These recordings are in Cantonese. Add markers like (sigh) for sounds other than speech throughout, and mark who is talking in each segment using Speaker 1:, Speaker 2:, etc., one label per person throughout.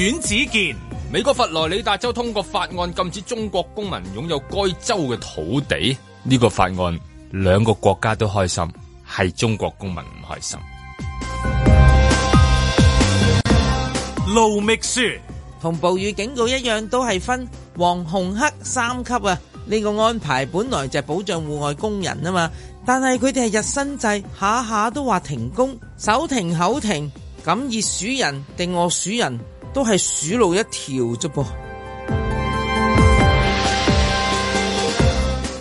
Speaker 1: 阮子健，美國佛羅里
Speaker 2: 達州通過法案禁止中國公民擁有該州嘅土地。呢個法案，兩個國家都開心，係中國公民唔開心。
Speaker 3: 盧覓雪，同暴雨警告一樣，都係分黃、紅、黑三級啊。呢、這個安排本來就係保障戶外工人啊嘛，但係佢哋係日薪制，下下都話停工，手停口停，咁熱鼠人定餓鼠人？都係鼠路一條啫噃。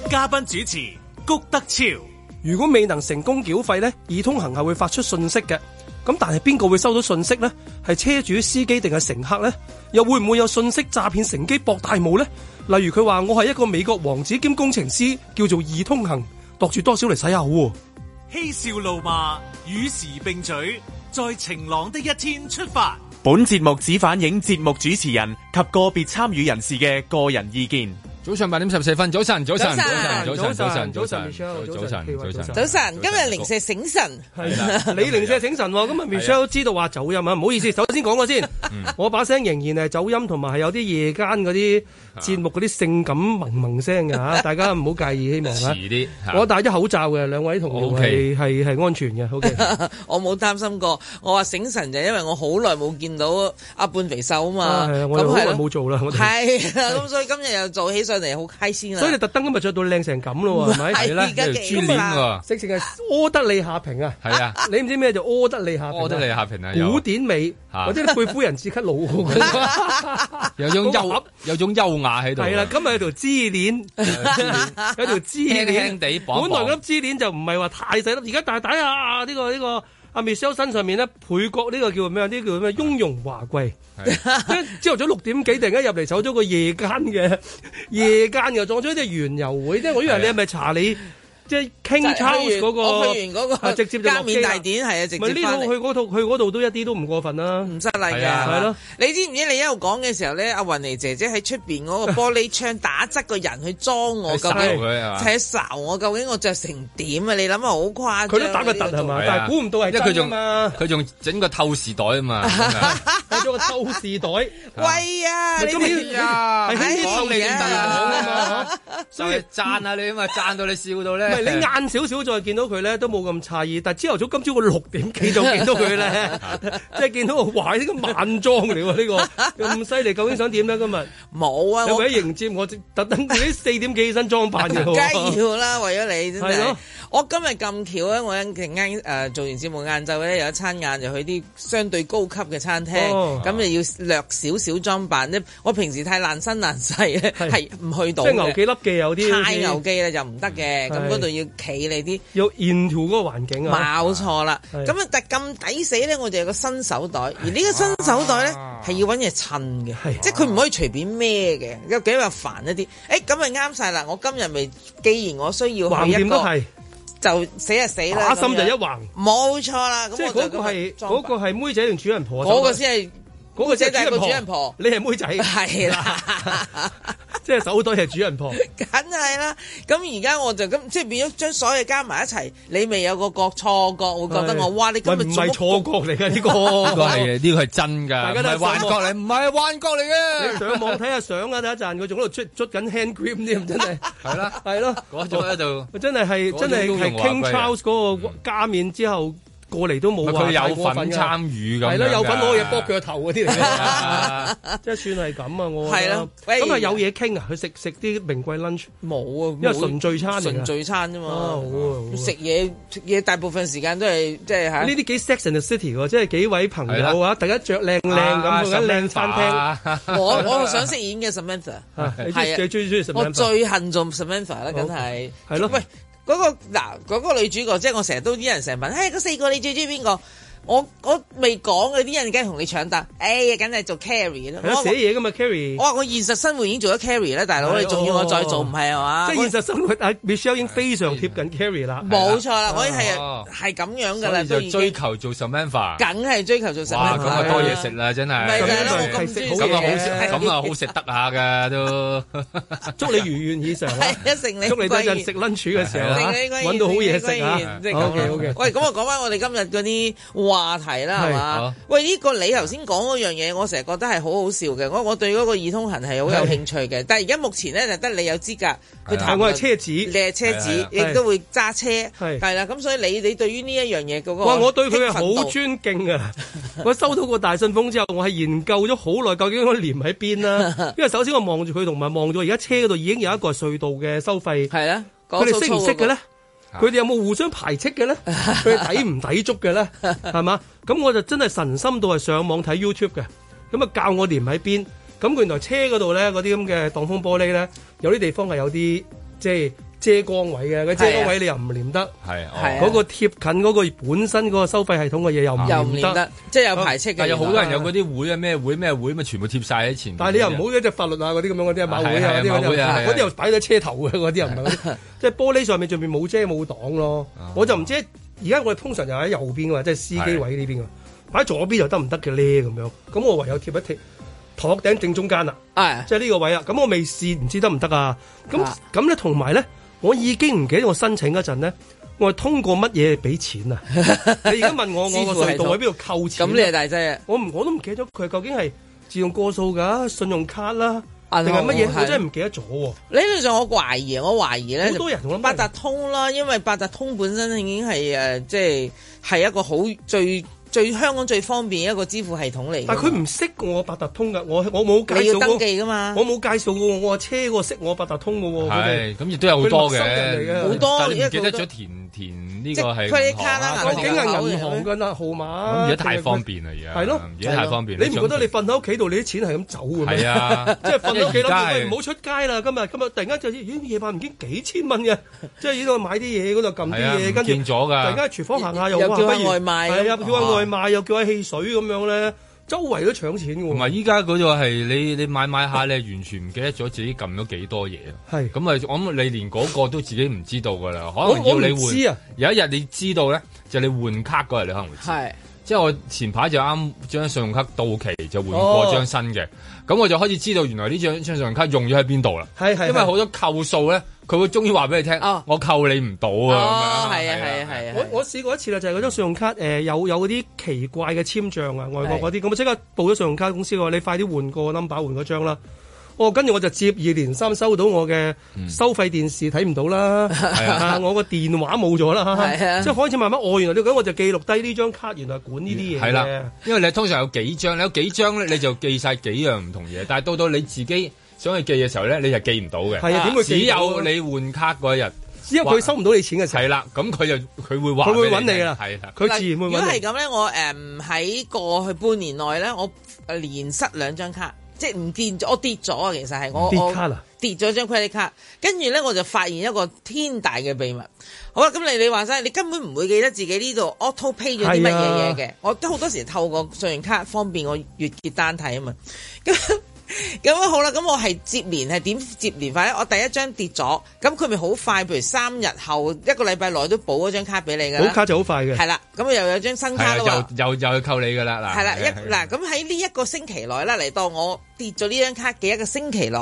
Speaker 4: 嘉賓主持谷德超。如果未能成功繳費呢，易通行係會發出信息嘅。咁但係邊個會收到信息呢？係車主、司機定係乘客呢？又會唔會有信息詐騙乘機博大霧呢？例如佢話我係一個美國王子兼工程師，叫做易通行，
Speaker 5: 度住多少嚟使下好？
Speaker 1: 嬉笑怒罵與時並舉，在晴朗的一天出發。
Speaker 5: 本節目只反映節目主持人及個別
Speaker 2: 參與人士嘅個人意見。早上八點十四分，早晨，早晨，早晨，早晨，早晨，早晨，早晨，早晨，早晨，早晨，早晨，
Speaker 4: 早晨。
Speaker 3: 今日零舍醒神，係
Speaker 4: 啦、啊、你零舍醒神，咁啊，Michelle 知道話走音啊，唔好意思， (laughs) 首先講過先，嗯、我把聲仍然係走音，同埋係有啲夜間嗰啲。節目嗰啲性感萌萌聲㗎吓，大家唔好介意，希望吓。遲啲，我戴咗口罩嘅，兩位同路係係係安全嘅。O K，我冇擔心過。
Speaker 3: 我話醒神就因為我好耐冇見到阿半肥瘦啊嘛。咁係咯。我好耐冇
Speaker 4: 做啦。係啊，咁所以今日又做起上嚟好開心啊。所以特登今日着到靚成咁咯喎，係咪？而家嘅珠鏈喎，直情係柯德莉夏萍啊。係啊，你唔知咩就柯德莉夏萍。柯德莉夏萍啊。古典美，或者貝夫人至級老。
Speaker 2: 有種優，
Speaker 4: 有種優雅。係啦，今日有條支鏈， (laughs) 有條支鏈，輕輕地綁。 (laughs) 綁綁本來粒支鏈就唔係話太細粒，而家大大啊！呢、這個呢、這個阿 Michelle 身上面咧，配角呢個叫咩？呢、這個、叫咩？雍容華貴。朝頭 (laughs) 早六點幾突然間入嚟，走咗個夜間嘅，夜間又撞咗隻園遊會。即係 (laughs) 我以為，你係咪查你？即係傾抽嗰個，直接就面大點係啊！直接翻嚟。咪呢度去嗰度，去嗰度都一啲都唔過分啦，唔
Speaker 3: 失禮㗎。係咯，你知唔知你一路講嘅時候咧，阿雲妮姐姐喺出邊嗰個玻璃窗打側個人去裝我，究竟睇仇我究竟我着成點啊？你諗下，好誇張。佢都打個突，但係估唔到係真啊
Speaker 2: 嘛！佢仲整個透視袋啊嘛，整咗個透視袋，威
Speaker 3: 啊！你今日
Speaker 2: 係講你唔好啊嘛，所以讚下你啊嘛，讚到你笑到咧。你晏
Speaker 4: 少少再見到佢咧都冇咁詫異，但係朝頭早今朝個六點幾就見到佢咧，即係見到我話呢個晚裝嚟喎，呢個咁犀利，究竟想點咧？今日冇啊，你為咗迎接我特登，你四點幾起身裝扮嘅喎，梗係要
Speaker 3: 啦，為咗你真係。我今日咁巧咧，我啱啱誒做完節目晏晝咧，有一餐晏就去啲相對高級嘅餐廳，咁就要略少少裝扮咧。我平時太爛身爛世，係唔去到嘅。即係牛記笠記嘅有啲，太牛記咧就唔得嘅。咁嗰度要企你啲，有 entire 嗰個環境啊。冇錯啦。咁啊，但咁抵死咧，我就有個新手袋。而呢個新手袋咧係要揾嘢襯嘅，即係佢唔可以隨便孭嘅。咁幾話煩一啲。誒，咁咪啱曬啦！我今日咪，既然我需要橫掂都係。就死就死啦，阿心就一橫，
Speaker 4: 冇錯啦。咁即係嗰個係嗰個係妹仔定主人婆？嗰個先係嗰個先係個主人婆，你係妹仔係是啦。 (laughs) (laughs) 即係手袋係主人婆，
Speaker 3: 梗係啦。咁而家我就咁，即係變咗將所有加埋一齊，你未有個覺錯覺，會覺得我哇！你今日唔係錯覺
Speaker 4: 嚟
Speaker 2: 㗎，呢、呢個係嘅，呢 (laughs) 個係真㗎，大家都係幻覺嚟，
Speaker 4: 唔係幻覺嚟嘅。你上網睇下相啊，第一陣佢仲喺度捽捽緊 hand cream 添，真係係啦，係咯 (laughs) 了，嗰種咧就真係係真係係 King Charles 嗰、嗰個加冕之後。過嚟都冇佢有份參與咁，係咯，有份攞嘢剝佢頭嗰啲嚟即係算係咁啊！我係啦，咁啊有嘢傾啊！佢食食啲名貴 lunch，冇啊，因為純聚餐嚟純聚餐啫嘛，
Speaker 3: 食嘢嘢大部分時間都係即係呢
Speaker 4: 啲幾 Sex and the City 喎，即係幾位朋友啊，大家着靚靚咁，大家靚餐廳。我我想飾
Speaker 3: 演嘅 Samantha，我最恨做 Samantha
Speaker 4: 啦，梗係係咯。
Speaker 3: 嗰、那個嗱，嗰、那個、女主角，即係我成日都啲人成日問，誒、哎，嗰四個你最鍾意邊個？我我未講啊！啲人梗係同你搶答。哎呀，梗係做 carry 啦。寫嘢
Speaker 4: 㗎嘛，carry。我話我現實生活已經做咗 carry 啦，大佬，你仲要我再做唔係啊嘛？即係現實生活，阿 Michelle 已經非常貼近 carry 啦。冇錯啦，我係
Speaker 3: 係咁樣㗎啦。所以就追
Speaker 4: 求做 Samantha。
Speaker 3: 梗係追求做 Samantha。哇！咁啊多嘢食
Speaker 2: 啦，真係。咪就係咯，咁啊好食，咁啊好食得
Speaker 4: 下㗎都。祝你如願以償
Speaker 3: 啦，一成你。祝你等陣食
Speaker 4: lunch 嘅時候，揾到好嘢食啊！好嘅，好嘅。
Speaker 3: 喂，咁我講翻我哋今日嗰啲話。話題啦，係嘛？喂，呢個你頭先講嗰樣嘢，我成日覺得係好好笑嘅。我我對嗰個易通行係好有興趣嘅，但係而家目前咧，就得你有資格。我係車子，你係車主，亦都會揸車，係啦。咁所以你你對於呢一樣嘢嗰個哇，我對佢係好
Speaker 4: 尊敬㗎。我收到個大信封之後，我係研究咗好耐，究竟我黏喺邊啦。因為首先我望住佢，同埋望住而家車嗰度已經有一個隧道嘅收費。係啦，佢哋識唔識嘅咧？佢哋有冇互相排斥嘅咧？佢哋抵唔抵觸嘅咧？係嘛？ (laughs) 咁我就真係神心到係上網睇 YouTube 嘅，咁啊教我黏喺邊。咁原來車嗰度咧，嗰啲咁嘅擋風玻璃咧，有啲地方係有啲即係。就是遮光位嘅，嗰遮光位你又唔粘得，係啊，嗰個貼近嗰個本身嗰個收費系統嘅嘢又唔又唔粘得，即係有排斥
Speaker 2: 嘅。有好多人有嗰啲會啊，咩會咩會，啊，全部貼晒喺前。但係你又唔
Speaker 4: 好嗰隻法律啊，嗰啲咁樣嗰啲啊，馬會啊嗰啲又擺咗車頭嘅嗰啲唔係咯，即係玻璃上面上面冇遮冇擋咯。我就唔知而家我哋通常就喺右邊噶嘛，即係司機位呢邊啊，擺喺左邊又得唔得嘅咧？咁樣咁我唯有貼一貼托頂正中間啊，即係呢個位啊。咁我未試，唔知得唔得啊？咁咁咧，同埋咧。我已經唔記得我申請嗰陣咧，我係通過乜嘢俾錢啊？你而家問我我個隧道喺邊度扣錢、啊？咁 (laughs) 你大劑，我唔我都唔記得咗，佢究竟係自動過數噶，信用卡啦，定係乜嘢？嗯、我真係唔記得咗、啊。
Speaker 3: 理論上我懷疑，我懷疑咧，好多人同我話八達通啦，因為八達通本身已經係誒，即係係一個好最。最香
Speaker 4: 港最方便一個支付系統嚟，但係佢唔識我八達通㗎，我我冇介紹。你要登記㗎嘛？我冇介紹㗎喎，我車㗎識我八達通㗎喎。係，咁亦都有好多嘅，好多年記得咗填
Speaker 2: 填呢個係銀行嘅號碼，而家太方便啦，而家係咯，而家太方便啦。你唔覺得
Speaker 4: 你瞓喺屋企度，你啲錢係咁走㗎咩？係啊，即係瞓喺屋企諗住唔好出街啦。今日今日突然間就咦，夜晚唔見幾千蚊嘅，即係喺度買啲嘢嗰度撳啲嘢，跟住突然間廚房行下又叫外賣，係啊叫外賣。賣又叫喺汽水咁樣咧，周圍都搶錢嘅。唔係
Speaker 2: 依家嗰個係你，你買買下咧， (laughs) 你完全唔記得咗自己撳咗幾多嘢。係是，咁啊，我諗你連嗰個都自己唔知道噶啦。可能要你換。啊、有一日你知道咧，就是、你換卡嗰日你可能會知。是即係我前排就啱張信用卡到期就換過張新嘅，咁、哦、我就開始知道原來呢張張信用卡用咗喺邊度啦。係係是。因為好多扣數咧。佢會終於話俾你聽啊！我扣你唔到啊！哦，係啊，係啊，係啊！我
Speaker 4: 我試過一次啦，就係嗰張信用卡誒，有有啲奇怪嘅簽帳啊，外國嗰啲，咁啊，即刻報咗信用卡公司，你快啲換個 number 換嗰張啦。哦，跟住我就接二連三收到我嘅收費電視睇唔到啦，我個電話冇咗啦，即係開始慢慢我原來你咁我就記錄低呢張卡，原來管呢啲嘢嘅。係啦，
Speaker 2: 因為你通常有幾張，你有幾張咧，你就記晒幾樣唔同嘢，但係到到你自己。想去寄嘅時候咧，你係寄唔到嘅。係啊，點會？只有你換卡嗰一日，只有佢收唔到你錢嘅時候。係啦，咁佢就佢會話。佢會揾你啦。係啦的，佢自然會揾你。如果係咁
Speaker 3: 咧，我誒喺、嗯、過去半年內咧，我連失兩張卡，即係唔見咗，我跌咗啊！其實係我，我跌卡啦，跌咗張 credit card。跟住咧我就發現一個天大嘅秘密。好啊，咁你你話齋，你根本唔會記得自己呢度 auto pay 咗啲乜嘢嘢嘅。的我都好多時透過信用卡方便我月結單睇啊嘛。 (laughs) 咁好啦，咁我係接連係點接連法咧？我第一張跌咗，咁佢咪好快？譬如三日後一個禮拜內都補嗰張卡俾你噶，補卡就
Speaker 2: 好快嘅。係啦，
Speaker 3: 咁又有張新卡又
Speaker 2: 又又扣你噶啦嗱。係啦，一嗱
Speaker 3: 咁喺呢一個星期內啦，嚟到我跌咗呢張卡嘅一,一個星期內，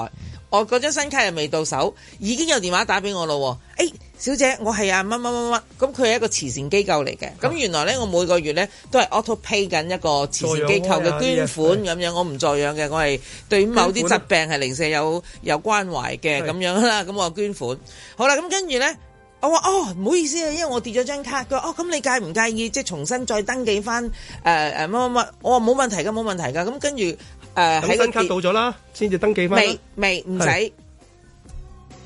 Speaker 3: 我嗰張新卡又未到手，已經有電話打俾我咯，誒、欸。小姐，我係啊乜乜乜乜，咁佢係一個慈善機構嚟嘅。咁原來咧，我每個月咧都係 auto pay 緊一個慈善機構嘅捐款咁樣，我唔作養嘅，我係對某啲疾病係零舍有有關懷嘅咁樣啦。咁我捐款。好啦，咁跟住咧，我話哦，唔好意思啊，因為我跌咗張卡佢。哦，咁你介唔介意即係重新再登記翻？誒誒乜乜乜，我話冇問題㗎，冇問題㗎。咁跟住誒，喺張卡到咗啦，先至登記翻。未未，唔使。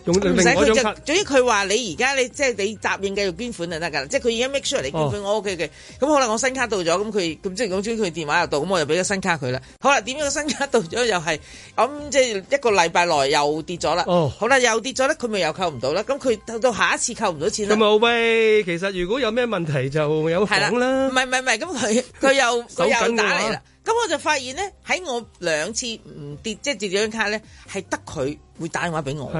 Speaker 4: 唔使佢就，
Speaker 3: 總之佢話你而家你即係你答應繼續捐款就得噶啦，即係佢已經 make sure 你捐款我屋企嘅，咁、哦嗯、好啦，我新卡到咗，咁佢咁即係我轉佢電話入到，咁、嗯、我又俾咗新卡佢啦，好啦，點樣新卡到咗又係，咁、嗯、即係一個禮拜內又跌咗啦，哦、好啦，又跌咗咧，佢咪又扣唔到啦，咁、嗯、佢到下一次扣唔到錢啦，咁咪
Speaker 4: OK 其實如果有咩問題就有講啦，唔係唔係唔係，咁佢佢又打嚟啦，
Speaker 3: 咁我、啊、我就發現咧喺我兩次唔跌即係跌咗張卡咧，係得佢會打電話俾我，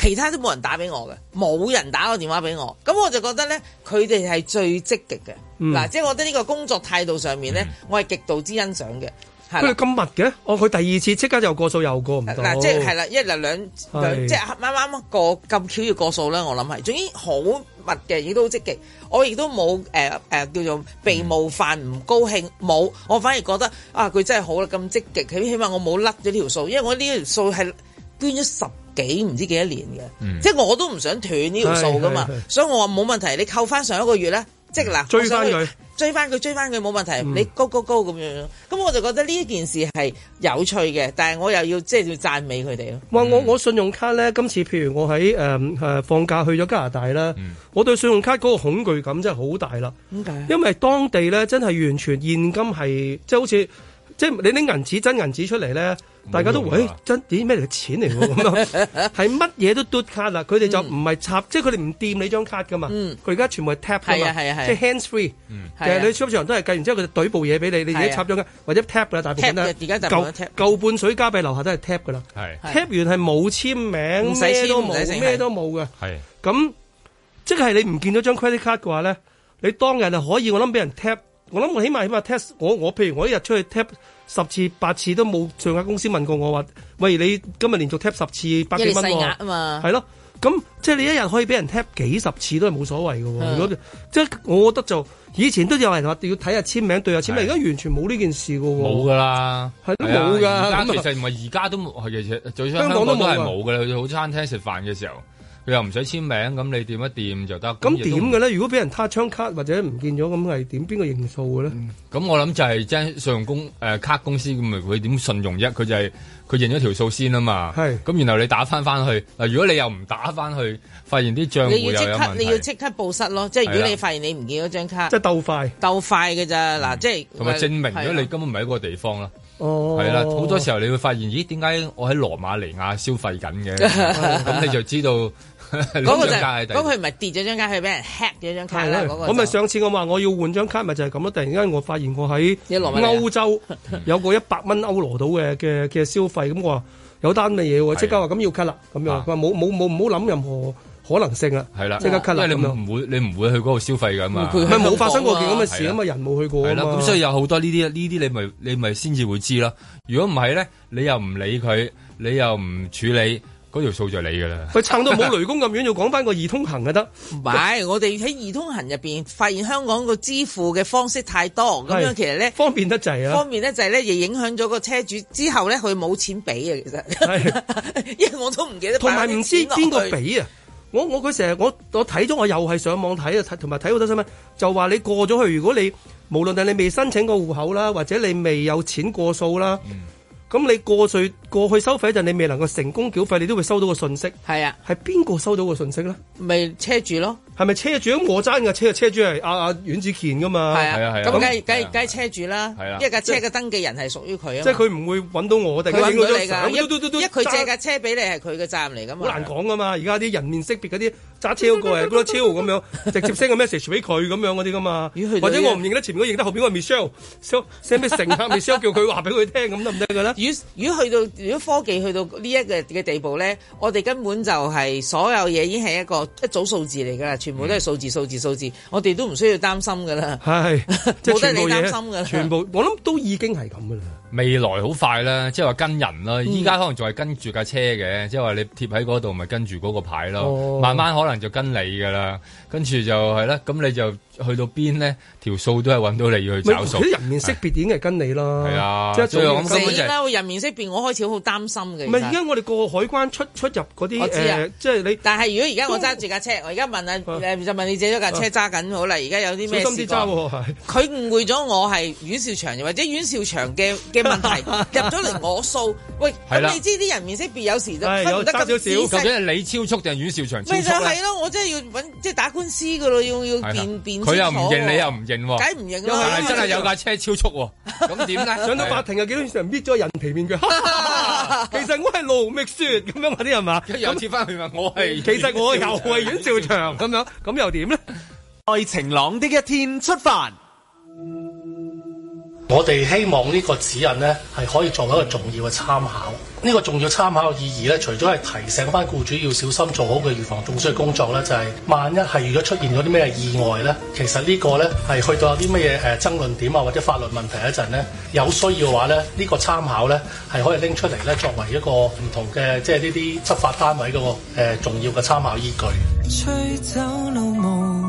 Speaker 3: 其他都冇人打俾我嘅，冇人打個電話俾我，咁我就覺得咧，佢哋係最積極嘅，嗱、嗯啊，即係我覺得呢個工作態度上面咧，嗯、我係極度之欣賞嘅。佢
Speaker 4: 咁密嘅，哦，佢第二次即刻又過數又過唔到。嗱、啊，即係係啦，
Speaker 3: 一嚟兩兩，兩、係啦即係啱啱過咁巧要過數咧，我諗係，總之好密嘅，亦都積極，我亦都冇誒誒叫做被冒犯唔高興，冇、嗯，我反而覺得啊，佢真係好啦，咁積極，起起碼我冇甩咗條數，因為我呢條數係捐咗十。幾唔知幾多年嘅，嗯、即係我都唔想斷呢條數噶嘛，是是是，所以我話冇問題，你扣翻上一個月咧，即係嗱追翻佢他，追翻佢，追翻佢冇問題，嗯、你高高高咁樣，咁、嗯、我就覺得呢一件事係有趣嘅，但係我又要即係要讚美佢哋
Speaker 4: 咯。哇，我我信用卡咧，今次譬如我喺誒誒放假去咗加拿大啦，嗯、我對信用卡嗰個恐懼感真係好大啦。點解、嗯？因為當地咧真係完全現金係，即係好似即係你拎銀紙、真銀紙出嚟咧。大家都喂真咦咩嚟？嘅錢嚟喎，咁係乜嘢都嘟卡啦，佢哋就唔係插，即係佢哋唔掂你張卡噶嘛。佢而家全部係 tap 噶啦，即係 hands free。其實你出場都係計完之後佢就懟部嘢俾你，你自己插咗卡或者 tap 嘅大部分啦。大部分都 tap。舊半水加幣樓下都係 tap 噶啦。係 tap 完係冇簽名，咩都冇，咩都冇嘅。係咁，即係你唔見到張 credit card 嘅話咧，你當日就可以。我諗俾人 tap，我諗我起碼起碼 tap。我我譬如我一日出去 tap。十次八次都冇，上家公司問過我話：喂，你今日連續 tap 十次百幾蚊喎。係咯，咁即係你一日可以俾人 tap 幾十次都係冇所謂㗎喎。的如果即係我覺得就以前都有人話要睇下簽名對下簽名，而家的完全冇呢件事㗎喎。冇㗎啦，係都冇㗎。咁其實
Speaker 2: 唔係而家都冇，其實就香港都冇係冇㗎啦。去好餐廳食飯嘅時候。佢又唔使簽名，咁你掂一掂就得。咁點嘅咧？
Speaker 4: 如果俾人他槍卡或者唔見咗，咁係點？邊個認數嘅咧？咁我諗就
Speaker 2: 係將信用公誒卡公司咁咪會點信用一佢就係佢認咗條數先啊嘛。係。咁然後你打翻翻去嗱，如果你又唔打翻去，發現啲帳戶有問題，你要即刻你要
Speaker 3: 即刻報失咯，即係如果你發現你唔見咗張卡。即係鬥快。鬥快嘅咋嗱，即係。同埋證明咗你
Speaker 2: 根本唔喺嗰個地方啦。哦。係啦，好多時候你會發現，咦？點解我喺羅馬尼
Speaker 4: 亞消費緊嘅？咁你就知道。嗰、 (laughs) (music) 嗰個就係、係，咁佢
Speaker 3: 唔係跌咗張，張卡，佢俾人 hack 咗張卡。咁咪上
Speaker 4: 次我話我要換張卡，咪就係咁咯。突然間我發現我喺歐洲有個一百蚊歐羅到嘅嘅嘅消費，咁我話有單嘅嘢喎，即刻話咁要 cut 啦，咁佢話冇冇冇唔好諗任何可能性啊。係啦，即刻 cut 啦咁樣。唔
Speaker 2: 會你唔會去嗰度消費㗎嘛？佢冇發生過件咁嘅事啊嘛，
Speaker 4: 啊人冇去過啊。所以
Speaker 2: 有好多呢啲呢啲你咪你咪先至會知啦。如果唔係咧，你又唔理佢，你又唔處理，嗰條數就係你噶啦，佢 (laughs) 撐到冇雷
Speaker 4: 公咁遠，要講翻個二通行就得。唔
Speaker 3: 係是， (laughs) 我哋喺二通行入邊發現香港個支付嘅方式太多咁樣，是其實咧方
Speaker 4: 便得滯啊。方
Speaker 3: 便得滯咧，亦影響咗個車主之後咧，佢冇錢俾啊。其實，是 (laughs) 因為我都唔
Speaker 4: 記得同埋唔知邊個俾啊。我我佢成日我我睇咗，我又係上網睇啊，同埋睇好多新聞，就話你過咗去，如果你無論係你未申請個戶口啦，或者你未有錢過數啦。嗯咁你過稅過去收費嗰陣，你未能夠成功繳費，你都會收到個信息。係啊，係邊個收到個信息咧？咪車主咯？係咪車主？我揸嘅車，車主係阿阿阮子健噶嘛？係啊係啊。咁梗係梗
Speaker 3: 梗係車主啦。係啊，因為架車嘅登記人係屬於佢啊。即係佢
Speaker 4: 唔會揾到我哋。因為
Speaker 3: 佢借架車俾你係佢嘅責任嚟噶嘛。好難講
Speaker 4: 噶嘛！而家啲人面識別嗰啲。揸超過嚟，攞超咁樣， (laughs) chill, 直接 send 個 message 俾佢咁樣嗰啲噶嘛，或者我唔認得前面認得後邊嗰個 Michelle，send 咩乘客 Michelle 叫佢話俾佢聽，咁得唔得噶啦？如果如果去到
Speaker 3: 如果科技去到呢一個嘅地步咧，我哋根本就係、是、所有嘢已經係一個一組數字嚟噶啦，全部都係數字的數字數字，我哋都唔需要擔心噶啦。係的，冇得 (laughs) 你擔心噶，全部我
Speaker 4: 諗都已經係咁噶啦。
Speaker 2: 未來好快啦，即係話跟人啦，依家、嗯、可能仲係跟住架車嘅，即係話你貼喺嗰度咪跟住嗰個牌咯，哦、慢慢可能就跟你㗎啦，跟住就係啦，咁你就。去到邊咧？條數都係揾到你要去找數。人
Speaker 4: 面識別點係跟你咯。係啊，即係最死咧！
Speaker 3: 人面識別，我開始好擔心嘅。唔係而家
Speaker 4: 我哋過海關出出入嗰啲誒，即
Speaker 3: 係你。但係如果而家我揸住架車，我而家問啊就問你借咗架車揸緊好啦。而家有啲咩小心佢誤會咗我係阮兆祥，或者阮兆
Speaker 2: 祥嘅嘅問題
Speaker 3: 入咗嚟，我數喂。咁你知啲人面識別有時就分得咁仔細究竟係
Speaker 2: 你超速定阮兆祥超？咪就係
Speaker 3: 咯，我真係要揾即係打官司嘅咯，要要辯辯。佢又唔認，你又唔認梗唔認啦！但係真係有架
Speaker 2: 車超速喎，
Speaker 4: 咁點咧？上到法庭又基本上搣咗人皮面具，其實我係盧覓雪咁樣嗰啲人嘛，有次翻去嘛，我係，其實我又係演照翔咁樣，咁又點
Speaker 5: 咧？愛晴朗的一天出發，我哋希望呢個指引咧係可以作為一個重要嘅參考。呢個重要參考嘅意義，咧，除咗係提醒翻僱主要小心做好嘅預防中暑嘅工作咧，就係萬一係如果出現咗啲咩意外咧，其實呢個咧係去到有啲咩誒爭論點啊或者法律問題嗰陣咧，有需要嘅話咧呢呢個參考咧係可以拎出嚟咧作為一個唔同嘅即係呢啲執法單位嗰個重要嘅參考依據。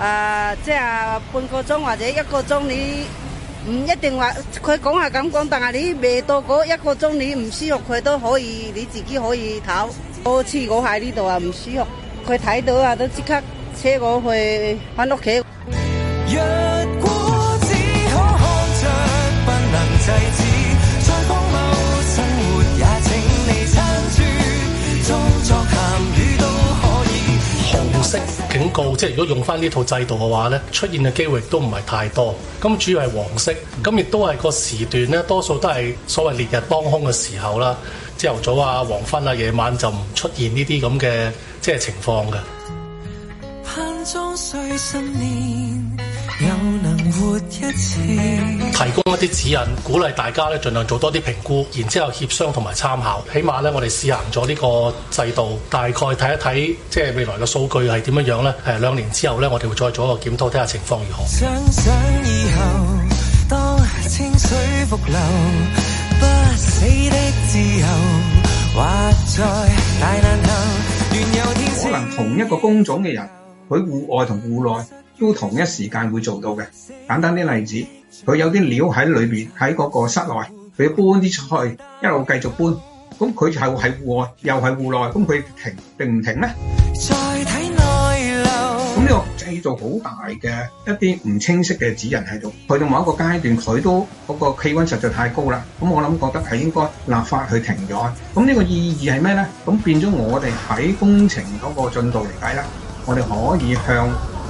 Speaker 3: Uh, 啊，即係半個鐘或者一個
Speaker 2: 鐘，你唔一定話佢講係咁講，但係你未到一個鐘，你唔舒服佢都可以，你自己可以唞。多次我喺呢度啊，唔舒服，佢睇到啊都即刻車我去翻屋企。
Speaker 5: 警告，即係如果用翻呢套制度嘅話咧，出現嘅機會都唔係太多。咁主要係黃色，咁亦都係個時段咧，多數都係所謂烈日當空嘅時候啦。朝頭早啊、黃昏啊、夜晚就唔出現呢啲咁嘅即係情況嘅。提供一啲指引，鼓勵大家咧盡量做多啲評估，然之後協商同埋參考，起碼咧我哋試行咗呢個制度，大概睇一睇即係未來嘅數據係點樣樣咧。誒，兩年之後咧，我哋會再做一個檢討，睇下情況如何。可
Speaker 1: 能同一個工種嘅人，
Speaker 4: 佢戶外同戶內。都同一時間會做到嘅。簡單啲例子，佢有啲料喺裏邊喺嗰個室內，佢要搬啲出去，一路繼續搬。咁佢就係係戶外，又係戶內。咁佢停定唔停咧？再
Speaker 1: 睇內流。
Speaker 4: 咁呢個製造好大嘅一啲唔清晰嘅指引喺度。去到某一個階段，佢都嗰個氣温實在太高啦。咁我諗覺得係應該立法
Speaker 2: 去停咗。咁呢個意義係咩咧？咁變咗我哋喺工程嗰個進度嚟睇啦，我哋可以向。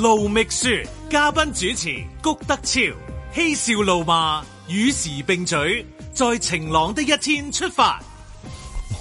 Speaker 1: 盧覓雪，嘉賓主持谷德超，嬉笑怒罵與時並舉，在晴朗的一天出發。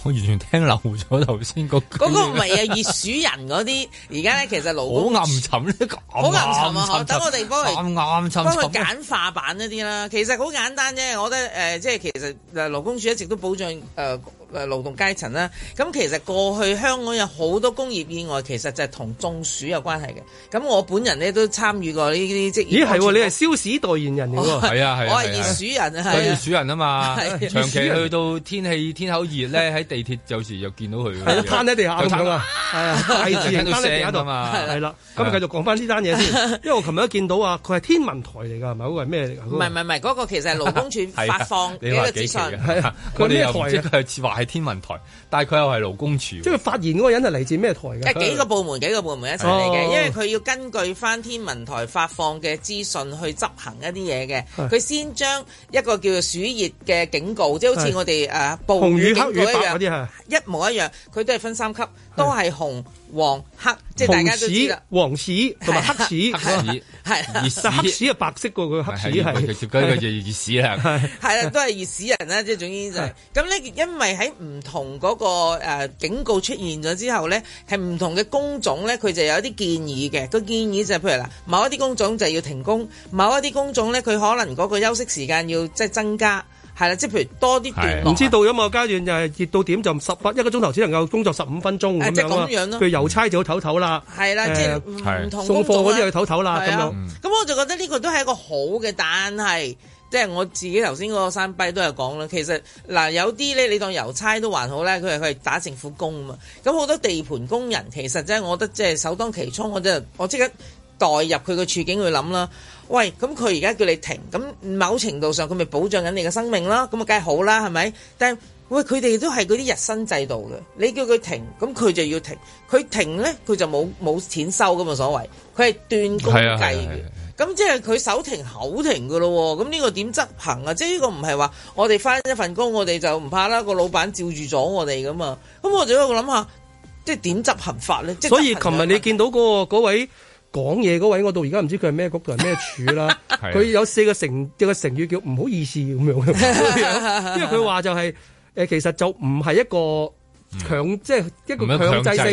Speaker 2: 我完全聽漏咗頭先嗰。嗰個唔係啊，熱
Speaker 1: 鼠人嗰啲，而家咧其實勞工
Speaker 2: 處好暗沉呢個，好暗沉，暗沉啊，等我哋，幫佢簡
Speaker 3: 化版一啲啦。其實好簡單啫，我覺得誒，即、呃、係、呃、其實誒，勞工處一直都保障誒。呃呃誒勞動階層啦，咁其實過去香港有好多工業意外，其實就係同中暑有關係嘅。咁我本人咧都參與過呢啲職業，咦係你係
Speaker 4: 消暑代言人嚟喎？係啊係啊，我
Speaker 3: 係
Speaker 2: 熱鼠人啊，熱暑人啊嘛，長期去到天氣天口熱咧，喺地鐵有時又見到佢，係攤喺地下咁啊，係啊，大字係啦，咁繼
Speaker 4: 續講翻呢單嘢先，因為我琴日都見到啊，佢係天文台嚟㗎，係咪？嗰個咩？唔係唔係
Speaker 2: 唔係，嗰個其
Speaker 3: 實係勞工處發放嘅
Speaker 2: 係天文台，但係
Speaker 4: 佢又係勞工處，即係發言嗰個人係嚟自咩台嘅？即係幾個
Speaker 3: 部門，幾個部門一齊嚟嘅，哦、因為佢要根據翻天文台發放嘅資訊去執行一啲嘢嘅。佢是先將一個叫做暑熱嘅警告，是即係好似我哋誒暴雨黑雨一樣，與與一模一樣，佢都係分三級，是都係紅。黃黑即係大家都知
Speaker 4: 啦，黃屎同埋黑屎，係、啊，但係黑屎係、啊啊、屎白色個個黑屎係，直接講佢就熱
Speaker 2: 屎啦，係啦、啊啊啊啊啊啊，都
Speaker 3: 係熱屎人啦、啊，即係總之就係、是、咁、啊、呢，因為喺唔同嗰、那個誒、呃、警告出現咗之後呢，係唔同嘅工種呢，佢就有一啲建議嘅個建議就係，譬如嗱，某一啲工種就要停工，某一啲工種呢，佢可能嗰個休息時間要即係增加。係啦，即係譬如多啲段，唔的知
Speaker 4: 道咁啊階段就係熱到點就十不一個鐘頭只能夠工作十五分鐘咁、啊、樣咯。譬如郵差就好唞唞啦，係啦、嗯，即係唔同送。送貨嗰啲去唞唞啦咁樣。
Speaker 3: 咁的、嗯、我就覺得呢個都係一個好嘅，但係即係我自己頭先嗰個山逼都係講啦。其實嗱、呃，有啲咧你當郵差都還好咧，佢係佢係打政府工啊嘛。咁好多地盤工人其實真係，我覺得即係首當其衝，我就是、我即刻。代入佢嘅處境去諗啦，喂，咁佢而家叫你停，咁、嗯、某程度上佢咪保障緊你嘅生命啦，咁啊梗係好啦，係咪？但係喂，佢哋都係嗰啲日薪制度嘅，你叫佢停，咁、嗯、佢就要停，佢停咧佢就冇冇錢收㗎嘛，所謂，佢係斷工計嘅，咁即係佢手停口停嘅咯喎，咁、嗯、呢、呢個點執行啊？即係呢個唔係話我哋翻一份工我，我哋就唔怕啦，個老闆照住咗我哋噶嘛，咁、嗯、我就要諗下即係點執行法咧？即係所以，琴日你
Speaker 4: 見到個嗰位。講嘢嗰位我到而家唔知佢係咩局同埋咩處啦，佢 (laughs) 有四個成有個成語叫唔好意思咁樣， (laughs) 因為佢話就係、是、誒、呃、其實就唔係一個強、嗯、即係一個強制性，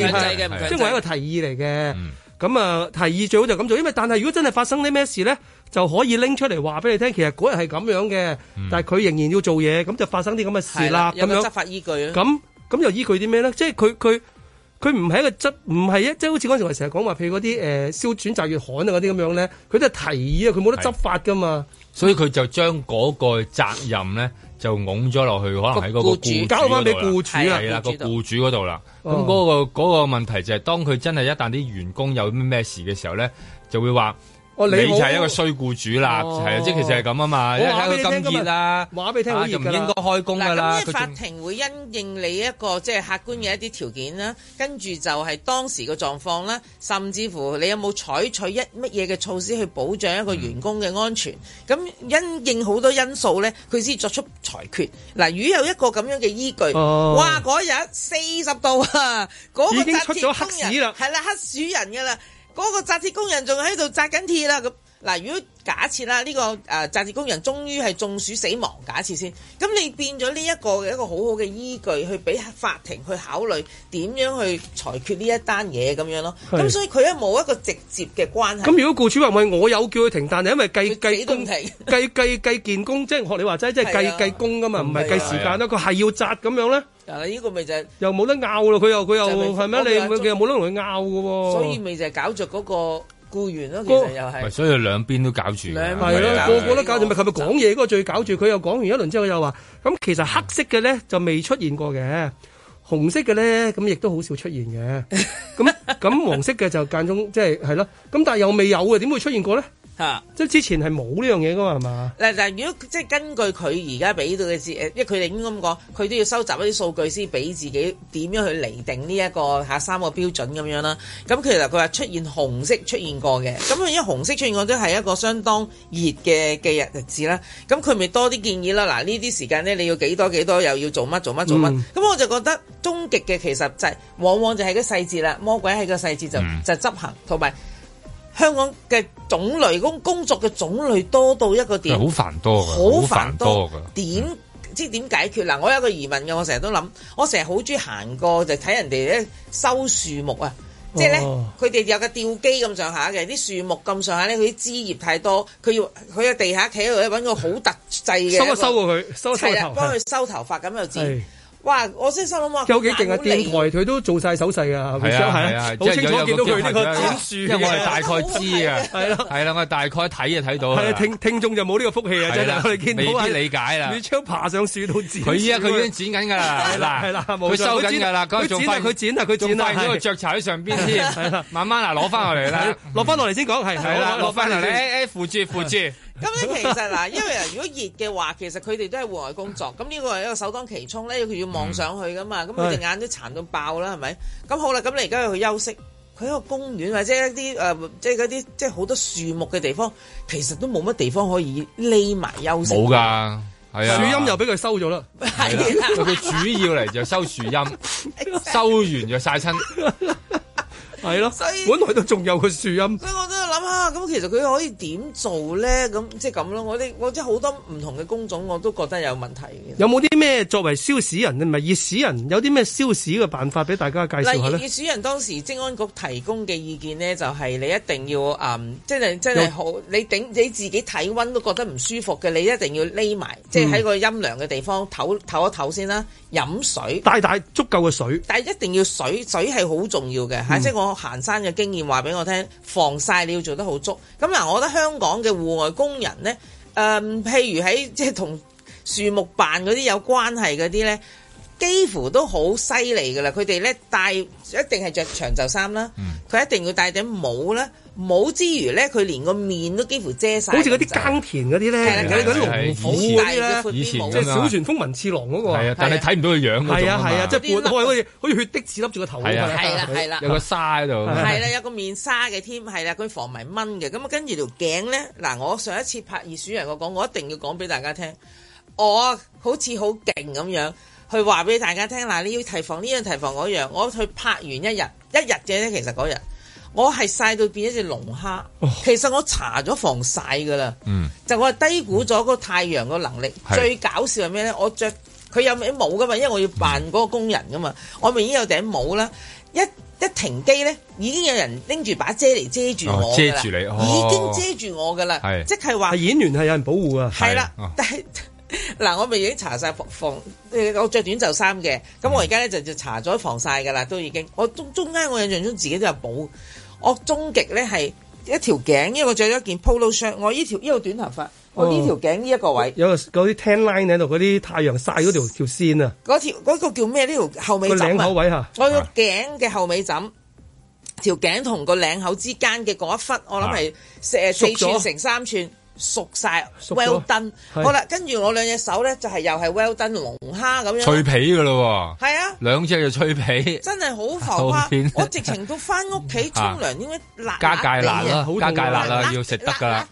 Speaker 4: 即係我係一個提議嚟嘅。咁啊、嗯、提議最好就咁做，因為但係如果真係發生啲咩事呢，就可以拎出嚟話俾你聽，其實嗰日係咁樣嘅，嗯、但係佢仍然要做嘢，咁就發生啲咁嘅事啦。咁樣執法依據咧，咁咁又依據啲咩呢？即係佢佢。佢唔係一個執，唔係啊。即係好似嗰陣時我成日講話，譬如嗰啲誒消遣雜業行啊嗰啲咁樣咧，佢都係提議啊，佢冇得執法噶嘛。所以佢就將
Speaker 2: 嗰個責任咧就拱咗落去，可能喺個交翻俾僱主啦。係啦，個僱主嗰度啦。咁嗰個嗰、嗰個問題就係、是，當佢真係一旦啲員工有咩事嘅時候咧，就會話。哦、你，你就係一個衰僱主啦，係啊，即係其實係咁啊嘛，而家佢咁
Speaker 3: 熱啦，
Speaker 4: 話俾你聽，唔應該開工噶啦。咁法
Speaker 3: 庭會因應你一個即係、就是、客觀嘅一啲條件啦，嗯、還跟住就係當時嘅狀況啦，甚至乎你有冇採取一乜嘢嘅措施去保障一個員工嘅安全，咁、嗯、因應好多因素咧，佢先作出裁決。嗱、嗯，如果有一個咁樣嘅依據，哦、哇，嗰日四十度啊，嗰 (laughs) 個紮鐵人係啦，黑鼠人噶啦。嗰個紮鐵工人仲喺度紮緊鐵啦。嗱，如果假設啦，呢個誒紮志工人終於係中暑死亡，假設先，咁你變咗呢一個一個好好嘅依據，去俾法庭去考慮點樣去裁決呢一單嘢咁樣咯。咁所以佢一冇一個直接嘅關係。咁如
Speaker 4: 果僱主話唔係，我有叫佢停但係因為計計工計計計件工，即係學你話齋，即係計計工噶嘛，唔係計時間咯。佢係要扎咁樣咧。嗱，呢個咪就係又冇得拗咯，佢又佢又係咩啊？你佢又冇得同佢拗嘅喎。所以
Speaker 3: 咪就係搞著嗰個。
Speaker 4: 僱員咯，其實又係，
Speaker 2: 所以兩邊都搞住，係
Speaker 4: 咯，個個都搞住。咪係咪講嘢嗰個最搞住？佢又講完一輪之後又話，咁其實黑色嘅咧就未出現過嘅，紅色嘅咧咁亦都好少出現嘅。咁咁 (laughs) 黃色嘅就間中即係係咯。咁、即係、但係又未有啊？點會出現過咧？嚇！即係之前係冇呢樣嘢噶嘛，係嘛？
Speaker 3: 嗱嗱，如果即係根據佢而家俾到嘅誒，因為佢哋應該咁講，佢都要收集一啲數據先，俾自己點樣去釐定呢、這、一個下三個標準咁樣啦。咁其實佢話出現紅色，出現過嘅，咁佢因為紅色出現過都係一個相當熱嘅嘅日日子啦。咁佢咪多啲建議啦？嗱，呢啲時間咧，你要幾多幾多，又要做乜做乜、嗯、做乜？咁我就覺得終極嘅其實就係、是、往往就係個細節啦。魔鬼喺個細節就就執行同埋。嗯香港嘅種類工工作嘅種類多到一個點，好繁
Speaker 1: 多嘅，好繁多嘅。
Speaker 3: 點即係點解決？嗱、嗯，我有一個疑問嘅，我成日都諗，我成日好中意行過就睇人哋咧收樹木啊，即係咧佢哋有個吊機咁上下嘅，啲樹木咁上下咧，佢啲枝葉太多，佢要佢喺地下企喺度揾個好特製嘅，收一收過佢，收曬頭幫佢收頭髮咁就知。哇！我先心諗話，有幾勁啊！電
Speaker 4: 台佢都做晒手勢嘅 Michael 係啊，好清楚見到佢呢個剪樹，因為我哋大
Speaker 2: 概知啊，係咯，係啦，我大概睇啊，睇到。係啊，聽聽眾就冇呢個福氣啊！真係，我哋見到啲理解啦。
Speaker 4: Michael 爬上樹都剪，佢依家佢已經剪緊㗎啦，係啦，係啦，冇錯，佢
Speaker 2: 剪緊，佢剪啊，佢剪啊，佢仲快，仲雀巢喺上邊先，係啦，慢慢嗱攞翻落嚟啦，落
Speaker 4: 翻落嚟先講，係係啦，落翻嚟誒誒扶住扶住。咁咧， (laughs) 其實嗱，因為
Speaker 3: 如果熱嘅話，其實佢哋都係戶外工作，咁呢個係一個首當其衝咧，佢要望上去噶嘛，咁佢隻眼都殘到爆啦，係咪？咁好啦，咁你而家要去休息，佢喺個公園或者一啲誒，即係嗰啲即係好多樹木嘅地方，其實都冇乜地方可以匿埋休息。冇㗎，係啊，
Speaker 2: 樹蔭
Speaker 4: 又俾佢收咗啦。係的，佢 (laughs) 主
Speaker 2: 要嚟就收樹蔭， (laughs) 收完就曬親，係咯 (laughs) 以。 (laughs) 本來都仲有個樹蔭。
Speaker 3: 以 (laughs) 咁、啊嗯、其實佢可以點做呢？咁、嗯、即係咁咯。我哋我即係好多唔同嘅工種，我都覺得有問題。
Speaker 4: 有冇啲咩作為燒屎人？你咪熱屎人，有啲咩燒屎嘅辦法俾大家介紹下咧？例如熱
Speaker 3: 屎人當時職安局提供嘅意見呢，就係、是、你一定要即係、嗯、真係好，你頂有你自己體温都覺得唔舒服嘅，你一定要匿埋，嗯、即係喺個陰涼嘅地方唞一唞先啦，飲水，帶帶足夠嘅水，但係一定要水，水係好重要嘅嚇。即係、嗯、我行山嘅經驗話俾我聽，防晒你要做得好。咁嗱、嗯，我覺得香港嘅戶外工人咧，誒、呃，譬如喺即係同樹木辦嗰啲有關係嗰啲咧。幾乎都好犀利噶啦！佢哋咧戴一定係着長袖衫啦，佢一定要戴頂帽啦。帽之餘咧，佢連個面都幾乎遮晒，好似嗰
Speaker 4: 啲耕田嗰啲咧，嗰啲農夫嗰啲咧，即係小旋風紋次郎嗰個。係啊，但係睇唔到佢樣啊。係啊係啊，即係半，好似好似血滴子笠住個頭。係啊，係啦係啦，有個沙喺度。係啦，
Speaker 3: 有個面紗嘅添，係啦，佢防埋蚊嘅。咁啊，跟住條頸咧嗱，我上一次拍二暑人我講，我一定要講俾大家聽，我好似好勁咁樣。去話俾大家聽，嗱，你要提防呢樣提防嗰樣。我去拍完一日，一日嘅咧，其實嗰日我係曬到變一隻龍蝦。Oh. 其實我搽咗防晒噶啦，嗯、就我係低估咗個太陽個能力。嗯、最搞笑係咩咧？我着佢有頂帽噶嘛，因為我要扮嗰個工人噶嘛，嗯嗯我咪已經有頂帽啦。一一停機咧，已經有人拎住把遮嚟遮住我，oh, 遮住你，oh. 已經遮住我噶啦。是即係話演
Speaker 4: 員係有人保護噶。係啦 (laughs) ，
Speaker 3: 但係、啊。 (laughs) 對 (laughs) 嗱，我咪已搽晒防，防呃、我着短袖衫嘅，咁我而家咧就就搽咗防晒噶啦，都已經。我中中間我印象中自己都有補，我終極咧係一條頸，因為我着咗件 polo shirt，我呢條呢、呢個短頭髮，哦、我呢條頸呢一個
Speaker 4: 位，有嗰啲 tan line 喺度，嗰啲太陽晒嗰條條線啊，
Speaker 3: 嗰條嗰、嗰個叫咩？呢條後尾枕個、啊、頸位嚇，我個頸嘅後尾枕，啊、條頸同個領口之間嘅嗰一忽，我諗係四四寸乘三寸。熟晒，well done。好啦，跟住我兩隻手咧，就係又係 well done 龍蝦咁樣，脆皮
Speaker 2: 嘅咯喎。係啊，兩隻就脆皮，
Speaker 3: 真係好浮誇。我直情到翻屋企沖涼，應該辣辣地，加芥辣啦，加芥辣啦，要食得㗎啦。